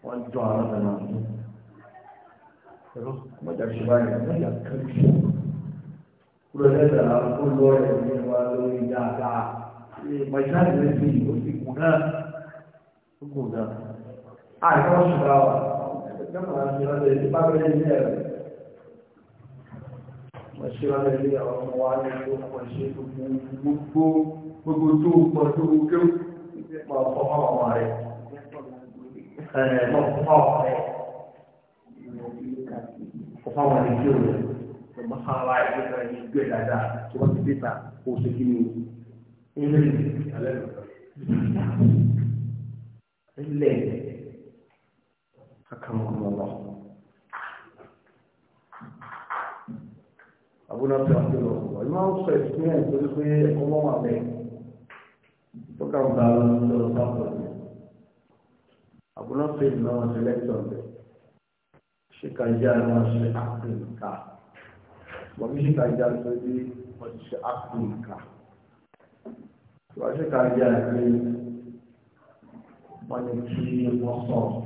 wọ́n jọ àwọn àgbẹ̀lẹ̀ Macam sebanyak banyak kerja. Kurangnya dalam pulau yang diwalau jaga. Macam ni sih, mesti guna, guna. Ah, kalau sudah, jangan sudah dari pagi ni dia. Masih ada dia orang awal itu masih tu buku buku tu buku tu buku. Mau apa awal? Eh, mau fáwọn àlejò rẹ̀ lọ́mọ fáwọn ará ẹgbẹ́ náà ní ìgbẹ́ dáadáa tó wọ́n ti dé ta kó o ṣe kí ni ilé alẹ́ ilé kankan mọ́ lọ. àbúrò náà fi àti lọ wọ́n ìmọ̀ àwọn sọ ìpín ẹ̀ torí pé ọmọ wà bẹ́ẹ̀ tó kà ń bá lọ sọ́kọ̀ọ́ àbúrò náà fi ìlànà selection bẹ́ẹ̀ shekajawa shi afirka ba mu shekajawa sai dai wata shi afirka ba shekajawa ne wani ki wasu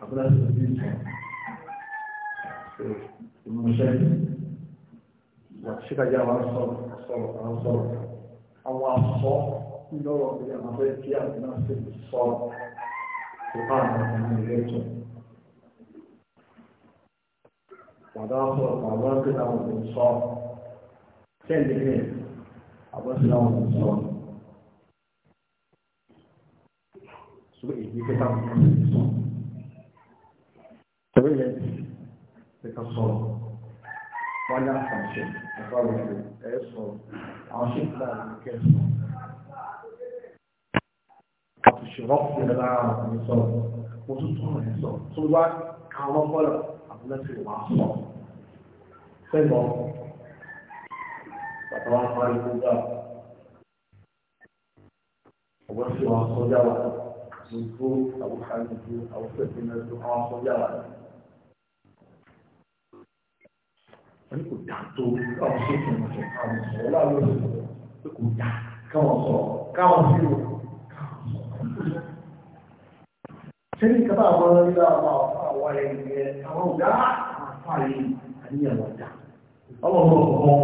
abin da su fi so ìmúṣẹ ṣíkàjáwà sọ̀rọ̀ sọ̀rọ̀ àwọn asọ lọ́rọ̀ pé àwọn afẹ́ kí àwọn náà sì sọ̀rọ̀ tó bá àwọn ọmọ ilé tó. wàdà sọ àwọn tó náà kò sọ sẹ́ni ní àwọn tó náà kò sọ. Sọ èyí tó náà kò sọ. Sọ̀rọ̀ yẹn ti ká sọ wọ́n ní àfàṣẹ ẹ̀fọ́ rẹ̀ ẹ̀ sọ àwọn ṣe ń gbà ní kẹsàn-án. Àtúnṣe rọ́pù ní lára àwọn ọ̀sán. Mo tún tún ọ̀rẹ́ sọ. Tó wá kà wọ́n bọ́lọ̀ lọ́sì wà sọ pẹ̀lú bàtà wà fà ikú gbà ọ̀gbọ́n sì wà sọ yà wà nìkú àwùká nìkú àwùká ìpínlẹ̀ tó wà sọ yà wà. wọ́n kò dà tó káwọn tó kì í mọ̀ sọ̀rọ̀ káwọn sọ̀rọ̀ láwọn ló sọ̀rọ̀ pé kò dà káwọn sọ̀rọ̀ káwọn sí káwọn sọ̀rọ̀. sẹ́ni kaba àwọn ọmọ nílá ẹ̀yẹ àwọn ọ̀gá àfààní àníyàn ọ̀dà ọlọ́run ọ̀gbọ́n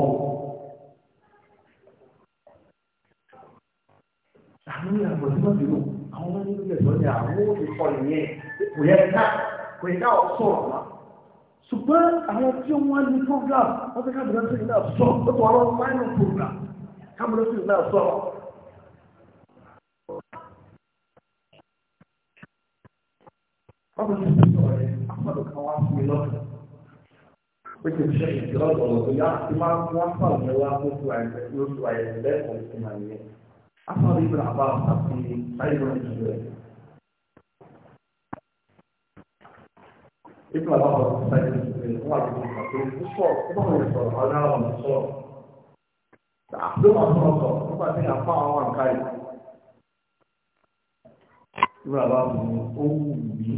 àníyàn ọ̀dọ́ ti lò àwọn ọmọ nínú ẹ̀dọ́ ni àwọn ìkọ̀ ìyẹn kò yẹ ká kò yẹ ká ọ̀sọ̀ ọ̀la ṣùgbọ́n àwọn tí wọ́n ní program wọ́n fẹ́ sí ìlà sọ ó tó àwọn final program ká Báwo ni ṣe sọ̀rọ̀ ẹ̀ afọ́dọ̀ kan wá fún mi lọ́nà? Pé kò ṣe ìdílọ́dọ̀ ọ̀dọ̀ yá ti máa ń wá fún àwọn ẹwà tó tu àìsẹ̀ tó tu àìsẹ̀ lẹ́kọ̀ọ́ sí màá yẹ. Afọ́dọ̀ ìgbà bá àti sáyẹ̀dọ̀ ìjù rẹ̀. Ìgbà bá wà sí sáyẹ̀dọ̀ ìjù rẹ̀ wọ́n àti ìgbà tó ń sọ̀ báwo ni sọ̀rọ̀ ọ̀dọ̀ àwọn sọ̀rọ̀. Àbúrò máa sọ̀rọ̀ sọ̀rọ̀ nípa tí àfa àwọn àǹkáyì. Ìgbà bá wù mí, ó wù mí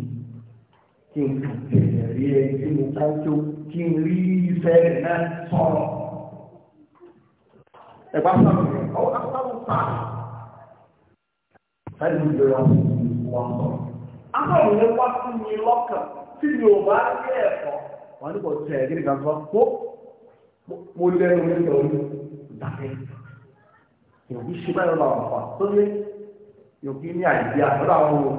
kí n kà tẹ̀lé rí ẹ tí mo kọ́ tó kí n rí ìfẹ́ rẹ̀ sọ̀rọ̀. ẹ̀gbá sọ̀rọ̀ rẹ̀ ọwọ́ akọ́tàwọ̀ sọ̀rọ̀. akọ́rọ̀ mo lẹ́nu ní ìtọ́jú ìdáfẹ́. yòókì ṣe báyọ̀ lọ́wọ́ àpá tó lé yòókì ní àìdí àtọ́lá àwọn ohun.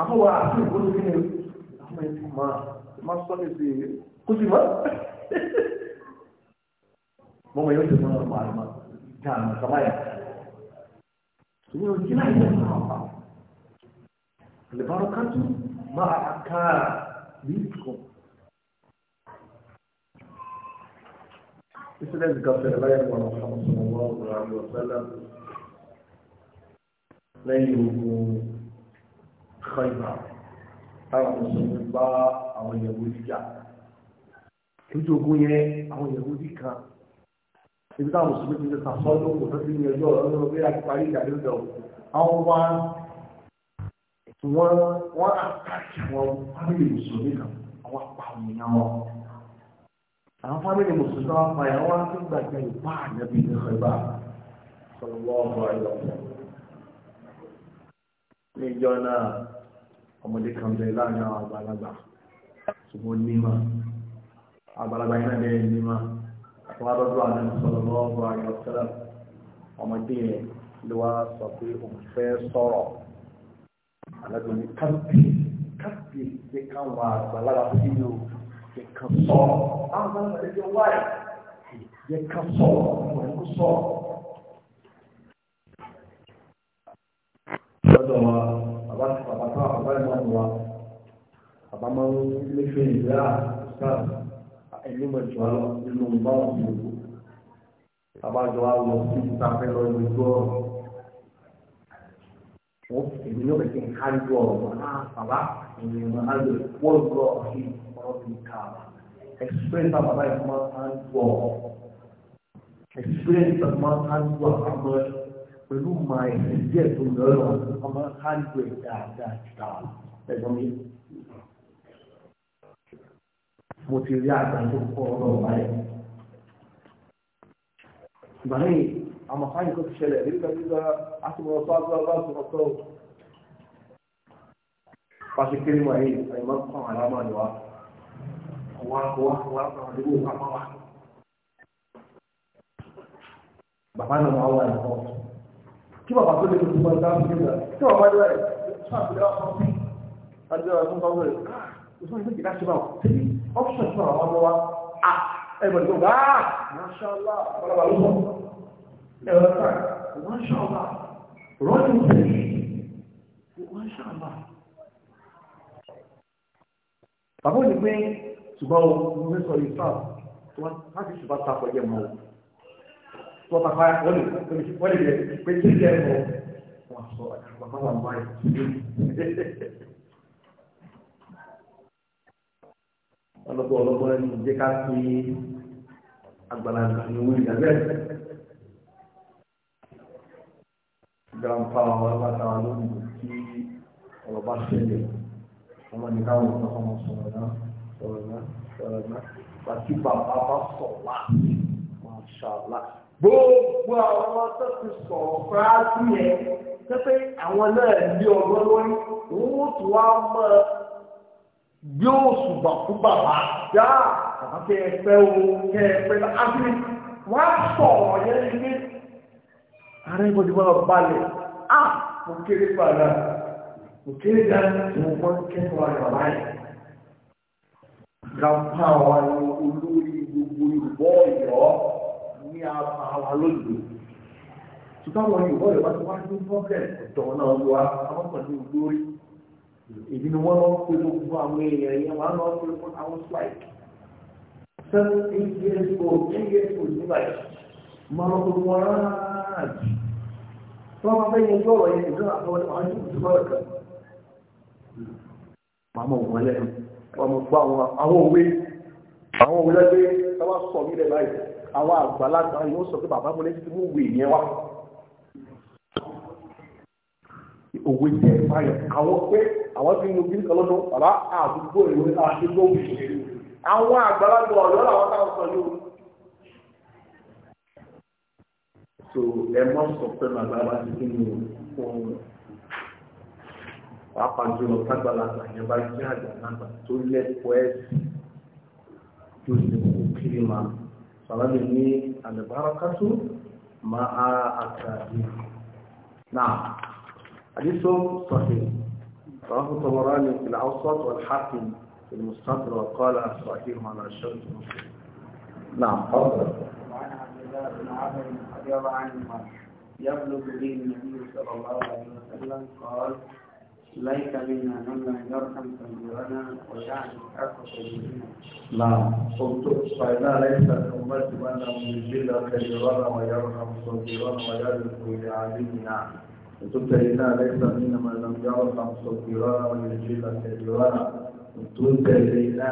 àmọ́ wà á sí ìgbóni kí ni àmọ́ ẹ ti máa máa sọ ní ti kú sí mọ́. mọ́mọ́ yóò ṣe mọ́nà máa ma já àmọ́ sábàyà. Ìyẹn ò jí láì jẹ́ máa wà. Àlùbárò kájú máa ká bíi kù. Ìṣẹ̀lẹ̀ ìgbàfẹ́ láyé wọn ọ̀sán ọ̀sán wọn ọ̀rọ̀ àyọ̀ sẹ́lẹ̀ lẹ́yìn ogun kọ́ìmà táwọn mùsùlùmí bá àwọn Yẹhudi jà lójú ogun yẹn àwọn Yẹhudi kan ibi táwọn mùsùlùmí ti ń sà sọ́dún kò tó ti ń yẹjọ́ ọ̀rọ̀ lórí àti parí ìjà lóde ọ̀ àwọn wá wọ́n wọ́n àtàkì wọn fámìlì mùsùlùmí kan àwọn apàwọn èèyàn wọn àwọn fámìlì mùsùlùmí wọn pa ẹ̀ wọ́n ti gbàgbé ìpá ànábì ní ọ̀rẹ́bà sọ̀rọ̀ wọ́n ọ̀rọ̀ ìlọ́pọ̀ níjọ náà ọmọdé kan bẹ láàrin àwọn àgbàlagbà ṣùgbọ́n níma àgbàlagbà yìí náà bẹ́ẹ̀ níma àwọn adọ́dọ́ àdánù sọ̀rọ̀ lọ́wọ́ àyọ̀tẹ́lẹ̀ ọmọdé yẹn ló wá sọ pé òun fẹ́ sọ̀rọ̀ alágbó ní kápì kápì ṣe káwọn àgbàlagbà tó yẹ o ṣe kan sọ̀rọ̀ àwọn àgbàlagbà lè jẹ wáyé ṣe kan sọ̀rọ̀ ọmọ ẹ̀ kó sọ̀rọ̀ bàbá bàbá tó bàbá ẹ̀ máa ń wa bàbá máa ń léṣe ìlera sáà ẹni mọ̀ jù lọ nínú bá wọn bí o bàbá jọ wa lọ sí ìta fẹ́ lọ ìlú gbọ́ wọn èmi náà bẹ̀ kí n kárí gbọ́ ọ̀rọ̀ ah, bàbá èmi náà á lè wọ́n gbọ́ ọ̀hìn ọ̀rọ̀ bí ká experience that bàbá yẹn máa ń gbọ́ experience that máa ń gbọ́ àgbọ̀ pẹ̀lú ma ẹ̀sìn díẹ̀ tó lọ́rọ̀ ọmọ hàndù ẹ̀ dáa ẹ̀gbọ́n mi. mo ti rí àgbà kọ́ ọ̀rọ̀ báyìí. ìgbà náà àwọn tó ti ṣẹlẹ̀ nígbà nígbà àtúmọ̀ ọ̀tọ̀ àtúmọ̀ àtúmọ̀ ọ̀tọ̀ pàṣẹ kéré wà yìí kọ́ àwọn kí bàbá tó lè gbogbo ọ̀dá fún ìgbà kí bàbá lè rẹ̀ ṣáàbùdá ọ̀pọ̀ àjọ àwọn ọmọ rẹ̀ ìfún ìgbà ìgbà ṣíbà tí ọ́pṣọ̀n fún àwọn ọmọ wa ẹgbẹ̀ tó bá máṣáàlá ọlọ́wà lọ́wọ́ ẹ̀rọ táà máṣáàlá rọ́ọ̀lù tẹ̀lé máṣáàlá bàbá ò ní pé ṣùgbọ́n mo fẹ́ sọ ìfà tó wá láti ṣùgbọ́n tapọ̀ jẹ́ mọ́ wọ́n bàbá wọ́n lè wọ́n lè yẹ pé kí ẹ mọ̀ wọ́n sọ bàbá wà wáyé. ọlọ́pàá ọlọ́pàá ẹni jẹ́ ká fi àgbàlagbà ní owó ìyá bẹ́ẹ̀. grandpa wa wá táwa lónìí kí ọlọ́pàá ṣẹlẹ̀ ọmọ ní káwọn ọ̀sán ọmọ sọ̀rọ̀ náà sọ̀rọ̀ náà bàbá bá sọ̀ wá máa ṣàlá gbogbo àwọn tó ti sọ̀rọ̀ fúráàsì yẹn pépé àwọn náà lé ọgbọ́n lórí òun tó wá mọ́ ẹ bí ó ṣùgbà fún bàbá dá bàbá kẹ ẹ pẹ́ o kẹ ẹ pẹ́ bá ábírí wọ́n á sọ̀rọ̀ yẹn nílé ààrẹ ìbọn ìbọn balẹ̀ á mo kéré padà mo kéré dání mo mọ kẹ́kọ̀ọ́ àgbà báyìí. grandpa wa ni olórí gbogbo ìbọ̀ ìyọ́ ní ara wa lónìí ṣùgbọ́n wọn yóò wọ́n yóò wá ti wá ní pọ́kẹ̀tì ọ̀dọ́ náà wá àwọn kan ní olórí èyí ni wọ́n lọ pé gbogbo àwọn èèyàn yẹn wọ́n lọ pé fún àwọn slide seven eight years old years old nígbà yìí máa lọ gbogbo wọn rárá jù tí wọ́n bá fẹ́ yẹn yọ̀rọ̀ yẹn ìjọba àtọwọ́ ní àwọn yóò ti bọ́ ẹ̀ka màmá òun lẹ́nu wọ́n mọ̀ gbọ́ àwọn òwe àwọn òwe lẹ́gbẹ́ tí wọ́n àwọn àgbàlagbà yóò sọ pé bàbá mọlẹ́sí tí wọ́n wù ìyẹn wá. òwe jẹ́ ìpayọ̀ àwọn pé àwọn tí mo bí nǹkan lọ́dún bàbá àdúgbò ìwé àdúgbò wù ìṣèlú àwọn àgbàlagbà ọ̀dọ́ làwọn táwọn sọ yóò. so ẹ mọ sọ pé màgbà wa ti kí ni òun pàápàá jùlọ tágbàlagbà yẹn bá jẹ́ àgbàlagbà tó lẹ́kọ̀ọ́ ẹ̀sìn tó sì kú kiri máa. sọ̀rọ̀lẹ̀ ní alìbárakátú ma a àtàrí náà àdísó sọ̀fẹ̀ rọ́fún tọmọrọ ní ìlà ọ́sọ́t المستقر وقال صحيح على شرط مسلم نعم حضر وعن عبد الله بن عمر رضي الله عنه يبلغ به النبي صلى الله عليه وسلم قال ليس منا من يرحم كبيرنا ويعرف حق كبيرنا نعم قلت فإذا ليس الأمة من يجل كبيرنا ويرحم صغيرنا ويرزق لعالمنا قلت إذا ليس منا من لم يرحم صغيرنا ويجل كبيرنا قلت إلينا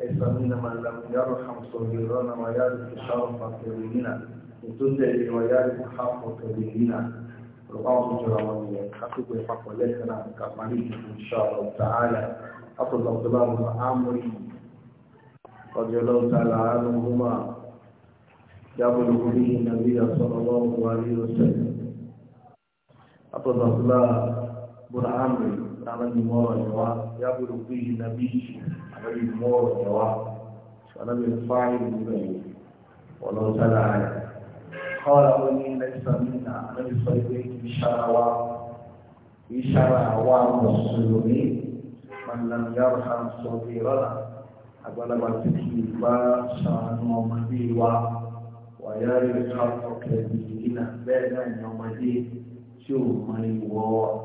ليس منا من لم يرحم صغيرنا ويرزق شرف كبيرنا قلت إلي ويرزق حق كبيرنا ọ̀pá wọn jọra wọn ni ẹ̀ kápẹ́kọ̀ ìpapọ̀ lẹ́sẹ̀ náà ká parí ìdìbò ṣọ́ọ̀rọ̀ tààlà afọ̀lọ́ tó bá wọn ámúrí ọjọ́ lọ́wọ́ tààlà ánú húmà jábọ̀lù orí nàbí àtọ́nà lọ́wọ́ wárí ọ̀sẹ̀ afọ̀lọ́ tó bá wọn ámúrí tààlà ní mọ́rọ̀ yẹwà jábọ̀lù orí nàbí àbẹ̀lẹ̀ mọ́rọ̀ yẹwà ṣọlá bẹ̀ fáìlì bẹ̀rẹ̀ ọlọ́wọ́ tààlà kọ́ra ó ní lẹ́sọ̀ nínú àmì sọ pé ìṣara wa ìṣara wa mùsùlùmí màlàmíyàwó hàn sọ bí rọ́là àgbàlagbà tí kì í bá ṣàánú ọmọ bí wa wàyà yóò ká ọkẹ́ bìbí náà bẹ́ẹ̀ náà ní ọmọdé tí ó mọ ìwọ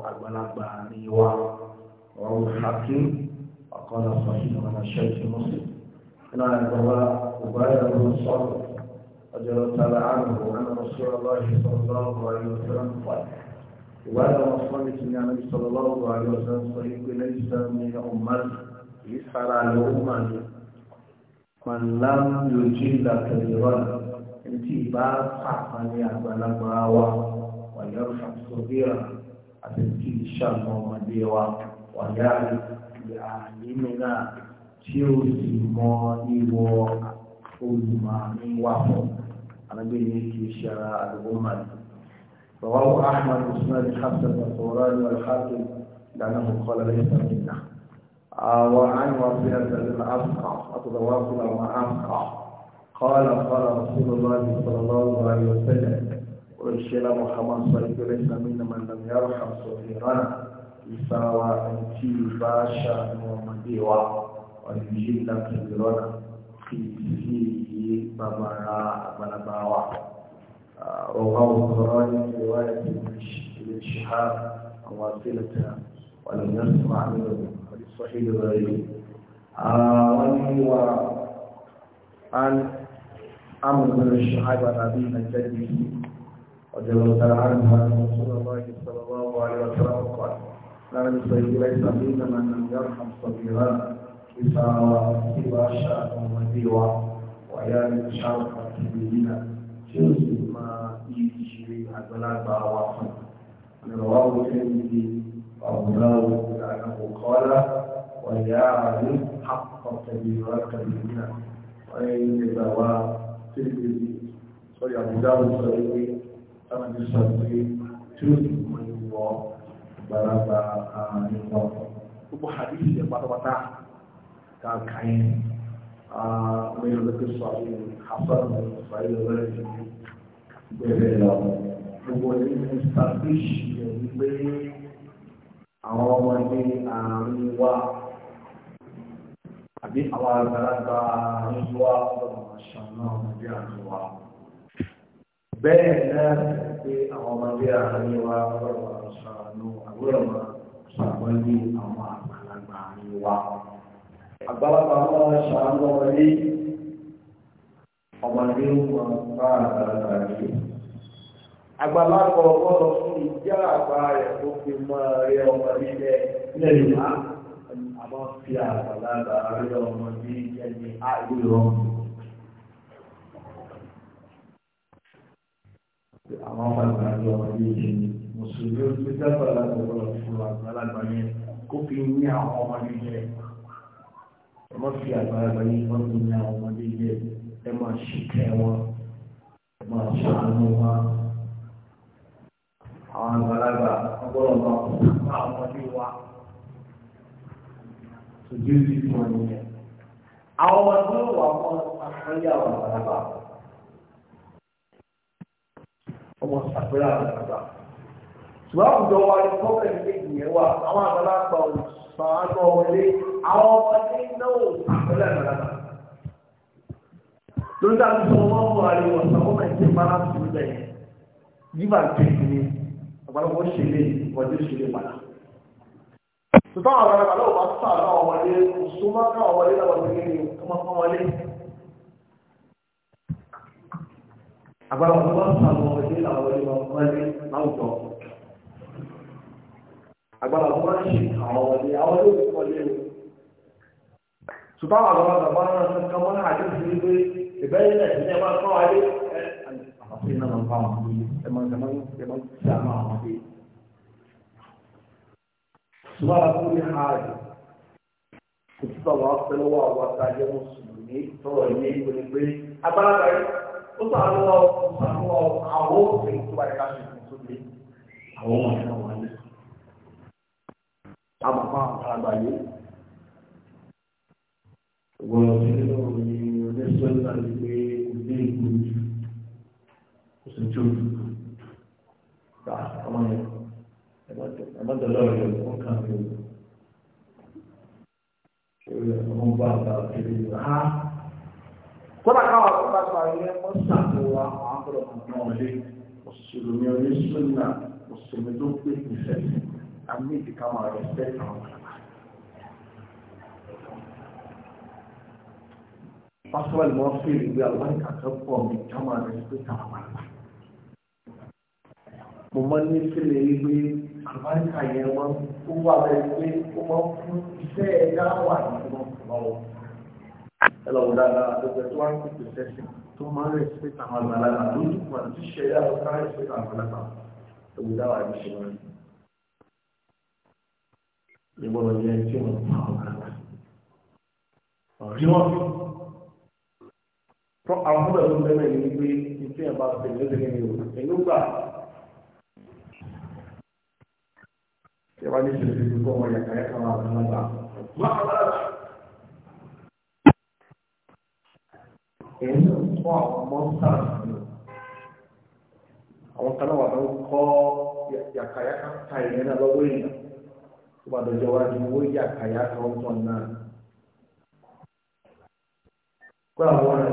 àgbàlagbà ní wa ọ̀rọ̀ hakim ọ̀kọ́lá sọ̀hìn ọ̀nà ṣẹ́ẹ̀tì mọ́sí. Ìlànà ìgbàlá ìgbàlá ìgbàlá sọ̀rọ̀. رضي تعالى عنه أن رسول الله صلى الله عليه وسلم قال وعلى أصحابك من النبي صلى الله عليه وسلم صحيح ليس من أمتي يسحر على أمتي من لم يجل كبيرا أنت باب صحفني أبلا براوة ويرفع صغيرا أتنتي الشام ومديوة ويعرف لعالمنا تيوسي مو إيوه olùmọ̀ọ́nì wà fún anábì ní kì رواه أحمد وسند حسن والطوراني والحاكم لأنه قال ليس منا وعن وصية بن أسقع أتواصل مع أسقع قال قال رسول الله صلى الله عليه وسلم والشيلة محمد صلى الله عليه وسلم من لم يرحم صغيرنا يساوى أنتي باشا ومديوة ويجيب لك صغيرنا فيه بمرا بنباوة رواه الطبراني من رواية ابن شهاب عن واصلة ولم يسمع منه الصحيح صحيح غيره ولي عن أمر من الشهاب عن أبيه عن جده رضي الله عنه أن رسول الله صلى الله عليه وسلم قال لا نبي ليس فينا من لم يرحم صغيرا ìbá ṣàánú ọmọdé wa wàyá ní ṣàánú àkìlì nínà tí ó sì máa bí ìṣirí àgbàlagbà wa fún ìrọ̀wá wo fẹ́ níbi ọ̀gbọ́n ìlànà òkọ́lá wàyá àrí àpọ̀tẹ̀lẹ̀ ìrọ̀kẹ̀lẹ̀ nínà wáyé ilẹ̀ bàbá tí ó ti sọ ìyàbùdá sọ ìwé táwọn ti sọ pé tí ó sì mọ ìwọ àgbàlagbà àárín wọn gbogbo àdéhìí ẹ̀ pátápátá كعين ويقول لك الصعيد حصل الصعيد ولد بفعله gbogbo ní establish yẹ wípé àwọn ọmọ ní àárín wa àbí àwọn àgbàlagbà àárín wa ọmọ ṣàná ọmọdé àti wa bẹ́ẹ̀ náà pé àwọn ọmọdé àárín wa ọmọ ṣàánú àbúrò ọmọ ṣàpọ́nlé àwọn àgbàlagbà àárín wa. àgbàlagbà máa ṣàánú ọmọdé ọmọdé ń mọ bá àgbàlagbà yìí àgbàlagbà ọgbọ́dọ̀ fún ìjà àgbà rẹ̀ tó fi mọ rẹ ọmọdé lẹ lẹ́yìn wá àmọ́ fi àgbàlagbà rẹ ọmọdé ẹni àìlọ́ àwọn ọmọ ìgbàlódé ọmọdé yìí mùsùlùmí ó ti dábàá láti ọgbọ́dọ̀ fún àgbàlagbà yẹn kó fi ọmọ fi àgbàlagbà yìí wọ́n tó ní àwọn ọmọdé ilé ẹ máa ṣìkẹ́ wọn ẹ máa ṣàánú wọn. àwọn àgbàlagbà wọ́n gbọ́dọ̀ máa kó àwọn ọmọdé wa tòjú sí fún ọ nìyẹn. àwọn ọmọdé wà fún àkọlé àwọn àgbàlagbà ọmọ sàpẹ́lá àgbàlagbà. ṣùgbọ́n àwùjọ wa ni kọ́kẹ́ ilé ìyẹn wà àwọn àgbàlagbà ò sàn án lọ wọlé àwọn ọmọdé náà pẹ̀lẹ́ ìrọ̀lá. lórí dáa tó wọ́n mú ariwo ọ̀sán wọ́n máa ń ṣe bára sí ilẹ̀ yíba kéèkì ni ọ̀pọ̀lọpọ̀ ṣe lé ìwọ́dé ṣe lé padà. tuntun àwọn ọ̀rọ̀ àlọ́ òbá tó àlọ́ ọ̀wọ́lé ìṣúná káwọn wọlé lọ́wọ́ sí ní ọmọ fún wọlé. àgbàlagbà wọn sọ àwọn ọmọdé làwọn wọlé wọlé láwùjọ àgbàlagbà wọn ṣe àwọn ọmọdé àwọn olóògbé wọlé ṣùgbọ́n àwọn ọmọdé wọn náà ṣe kọ́ wọn àti ìṣe wípé ìbẹ́yẹ náà ṣe ẹ máa kọ́ ayé ẹ àwọn ṣe náà máa ń ẹ máa ń ṣe àwọn ọmọdé. ṣùgbọ́n àwọn ọmọdé ha rẹ̀ kò tí bàbá fẹ́ lọ́wọ́ àwọn àtàjẹ́ mùsùlùmí tọ̀rọ̀ ilé ìwé ni pé agbára rẹ̀ ó sàánú ọ sàánú ọ àwọn òfin tó wáyé káṣí tó lé àwọn ọmọ ìṣàwọn ilé. àmọ̀ fún àwọn àgbáyé ọ̀gbọ̀n ọ̀sẹ̀ náà ni onísọ́lá ti pé kò ní ìlú oṣù tó gbà ọmọ yẹn ẹ̀mọ́tọ́lọ́ rẹ̀ wọ́n kà mí o ọmọ bá bá kiri ha kódà káwọn tó bá gba ilé wọn sàkó wa àwọn akọ̀rọ̀ náà lé mùsùlùmí onísọ́lá mùsùlùmí tó pé ìfẹ́ àmì ìdíkàwọn rẹ̀ fẹ́ àwọn kan. pásítọ̀lì wọn fi ìwé àlùbáríkà tó pọ̀ mi ká máa rẹ̀ pé ká máa wà. mo máa ní sílẹ̀ wípé àlùbáríkà yẹn wọn ó wà bẹ́ẹ̀ pé ó máa ń fún iṣẹ́ ẹ̀dá wà nínú ọ̀pọ̀lọpọ̀. ẹ lọ wò dáadáa àdókò tó wá ń pèsè sẹ́sìn tó máa rẹ̀ pé ká máa gbà lára lójú kan tí ṣe ẹ̀dá lọ ká máa lára ewu dáwà ní ṣe wọn. ìgbọ̀rọ̀ yẹn tọ́ àwọn ọmọdé tó bẹ́ẹ̀ ní pé ìfẹ́ yẹn bá tẹ̀lé lẹ́sẹ̀ ní òun ẹ̀yìn ó gbà. ṣé wàá ní ìṣẹ̀lẹ̀ tuntun kọ́ ọmọ yàtọ̀ yàtọ̀ àwọn àwọn àgbà. ẹ̀yìn náà kọ́ àwọn mọ́tà àwọn kan náà wà ló kọ́ yàkàyàkà ta ìyẹn náà lọ́wọ́ èèyàn tó bá dọ̀jọ́ wájú owó yàkàyàkà ọ̀tọ̀ náà. Gbàgbọ́ náà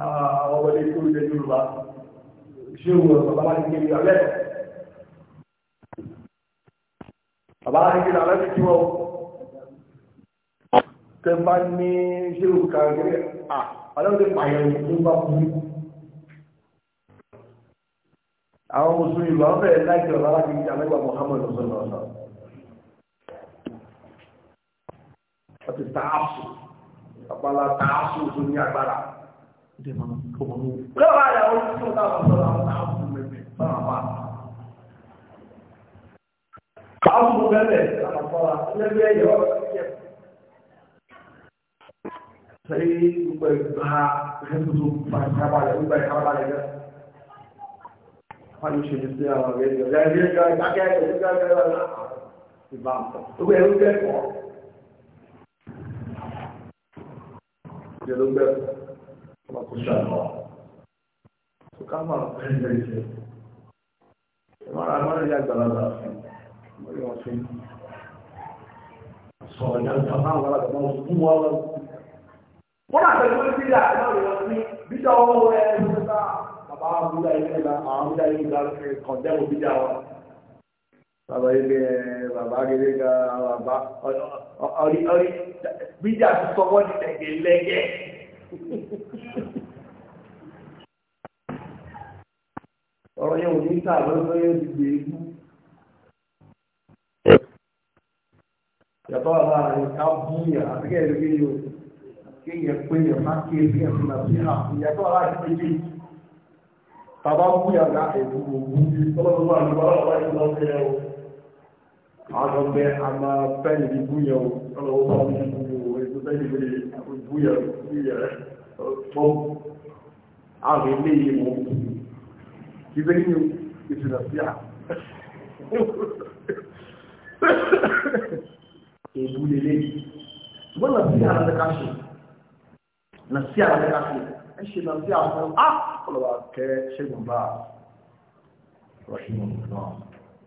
àwọn ọmọdé tó ń lè Yorùbá ṣé òun ọ̀sán bàbá ní kéwì alẹ́ bàbá ní kéwì alẹ́ ti kí wọ́n tẹ bá ní ṣé òun kan kéré à ọlọ́run pààyàn ní bá kú àwọn mùsùlùmí ìlú àwọn bẹ̀rẹ̀ láìpẹ́ ọ̀rọ̀ láti ní àmẹ́gbà Muhammad ọ̀sán ọ̀sán ọ̀tí tààsù ọ̀pàlà tààsù tó ní agbára dè máa kó wọn lówó. lọ́wọ́ àyàwó tí ó dábàá sọ́dọ̀ àwọn àwọn ọmọ ẹgbẹ́ sọ́dọ̀ àwọn àwọn. káwọn mú bẹ́ẹ̀ àwọn fọ́ra ẹgbẹ́ ẹ̀yọ́ ẹ̀yẹ. sẹ́yìn gbogbo ẹgbà ẹgbẹ́ tó fà ìkábalẹ̀ gbogbo ìkábalẹ̀ gẹ́. wọ́n yóò ṣe ní sí àwọn ọ̀rẹ́ ẹ̀yọ́ ẹ̀yẹ́ ẹ̀yọ́ ìdákẹ́ ẹ̀yọ́ ìdákẹ́ ẹ̀yọ́ ọba kò ṣàánú wa kò ká máa bẹ́ẹ̀ bẹ́ẹ̀ jẹ́ ìmọ̀ràn agbára yà gbàlagbà fún ọmọ yọ̀ fún sọ̀rọ̀ yà gbà máa wà lágbà máa fún wa lọ. wọ́n náà tẹ̀lé wọlé bíyà ẹ̀ náà yọ̀ sí bíjà ọmọ rẹ̀ ẹ̀ ń sá bàbá abúlé ayé ẹ̀ náà àwọn abúlé ayé ga kọ̀ndẹ́ wọ bíjà wa. bàbá yìí bẹ bàbá gẹ́gẹ́ ga bàbá ọ̀rí ọ̀rí bíjà sọ wọ́n ti tẹ̀gẹ̀ lẹ́gẹ̀ẹ́ ọ̀rọ̀ yẹn ò ní ká lọ́sọ́ yẹn ti gbé egbú. yàtọ̀ láàrin ká bú yà àti kẹ́yìn lókè yìí o kéèyàn pé yẹn má ké bí ẹ̀ fúnra sí hà yàtọ̀ láàrin méjì. tàbá bú yà ká ètò òògùn bí tọ́lọ́dún náà ló bá lọ́wọ́ yìí lọ́wọ́ sí o. àwọn ọgbẹ́ àmà pẹ́ẹ́lì bú yẹn o tọ́lọ́wọ́ bá wọn bú o ètò tẹ́lẹ̀ wúyẹ̀ wúyẹ̀ tó àwọn ilé yìí mú kí bẹ́ ní ìsìnà sí à èbú lélẹ̀ ṣùgbọ́n nà sí àrẹ ká ṣe nà sí àrẹ ká ṣe ẹ ṣe nà sí àwọn ọmọ ah! ọlọ́wà kẹ ṣẹ́gun bá rọ̀ṣùn náà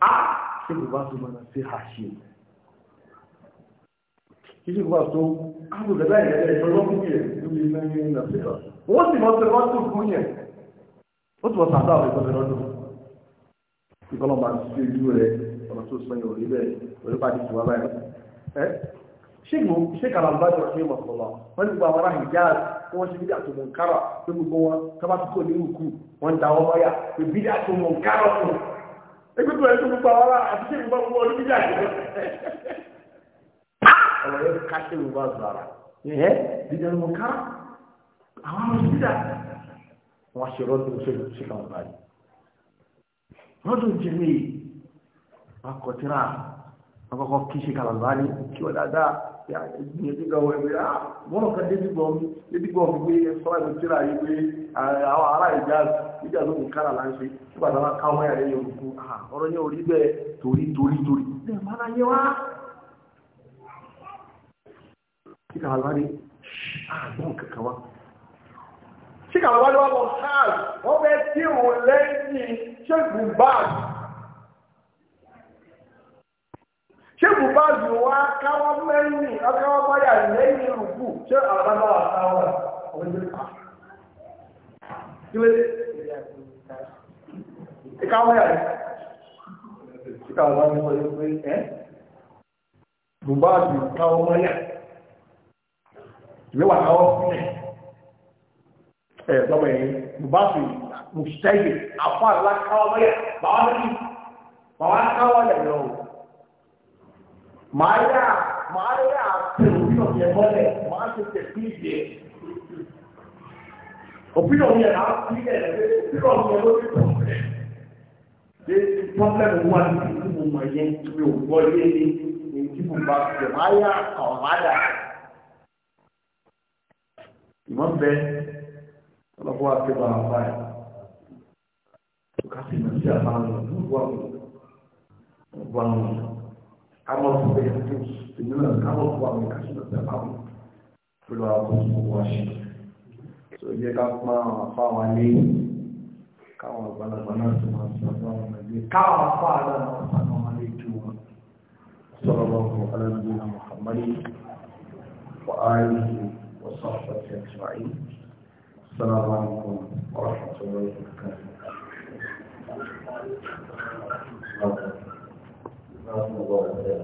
á ṣẹ́gun bá tó mọ̀ nà sí àṣẹ kìí wà tó ábùdàdà ìrẹ̀lẹ̀ ìfọlọ́kùn yẹn lórí iná yẹn ní àfihàn wọ́n sì mọ̀ sí rọ́dùn fún yẹn ó sì mọ̀ sàdá àwọn ìfọ̀sẹ̀ rọ́dùn ìfọlọ́ máa ti fi ojú rẹ̀ ọ̀nà tó sọ yẹn òrí bẹ́ẹ̀ òrí bá ti tù hijaz wọ́n ṣe bídà tó mọ̀ nkárọ̀ pé gbogbo wọn tábà tó kò ní ìkú wọ́n da wọn mọ́yà pé bídà tó mọ̀ nkárọ̀ tó ẹgbẹ́ tó ọmọ yẹn káṣí mi wá zara ẹ dídá ni mo kára àwọn ọmọ dídá wọn ṣe rọdùn ṣe kàn báyìí rọdùn jẹmí wọn kọ tíra wọn kọkọ kí ṣe kàn báyìí kí wọn dáadáa ìgbìyànjú kan wọ ẹgbẹ ah wọn kàn débi gbọ mi débi gbọ mi pé ẹ sọlá mi tíra yìí pé àwọn ará ìjà ìjà ló ń kára là ń ṣe nígbà tí wọn káwọn ẹ̀rẹ́ yẹn kú ah, ọ̀rọ̀ yẹn ò rí bẹ́ẹ̀ torí torí torí. ẹ máa ń yẹ wá. Sheikh Al-Albani àgbọn kankan wá Sheikh Al-Albani wá lọ hajj wọ́n fẹ́ tí òun lẹ́yìn ṣẹ́gun báàgì ṣẹ́gun báàgì wá káwọ́ mẹ́rin akáwọ́ báyà lẹ́yìn rùkú ṣé àbábá àtàwọn ọmọ ìlú pa kílódé ìkáwọ́ yà rẹ̀ Sheikh Al-Albani wọ́n yóò pé ẹ́ bùbáàgì káwọ́ mọ́yà ìwé wà lọ́wọ́ sílẹ̀ ẹ̀ lọ́wọ́ ẹ̀yìn mùbáṣì mùsítẹ́yì àfọ́ àlákáwọ́ lọ́yẹ̀ bàwá lórí bàwá káwọ́ lẹ̀ lọ. màá yà màá yà tẹ̀lé òbíọ̀ yẹn mọ́lẹ̀ màá ṣe tẹ̀ fún ìdè. òbíọ̀ yẹn náà fi ẹ̀ òbíọ̀ yẹn lórí pọ̀lẹ̀. ṣé pọ́nlẹ́mù wà ní ìdíbò mọ̀ yẹn mi ò gbọ́ yé ní ìdíbò bá ṣe máa yà kàwọ́ máa yà ìmọ̀ bẹ ọlọ́pàá wa pé bàbá bá ẹ̀ tó ká sì mọ̀ sí àbáwọn olùkọ́ àwọn olùkọ́ àwọn kámọ́ fún bẹ́ẹ̀ tó tèmi náà kámọ́ fún àwọn ká sì mọ̀ sí àbáwọn pẹ̀lú àwọn tó ń tó yẹ ká pọ́n àwọn wa lé káwọn àgbàlagbà náà tó máa sọ fún àwọn ọmọdé káwọn afá náà máa sọ fún àwọn tó wọn sọ̀rọ̀ lọ́wọ́ alẹ́ وصحبه أجمعين السلام عليكم ورحمة الله وبركاته الله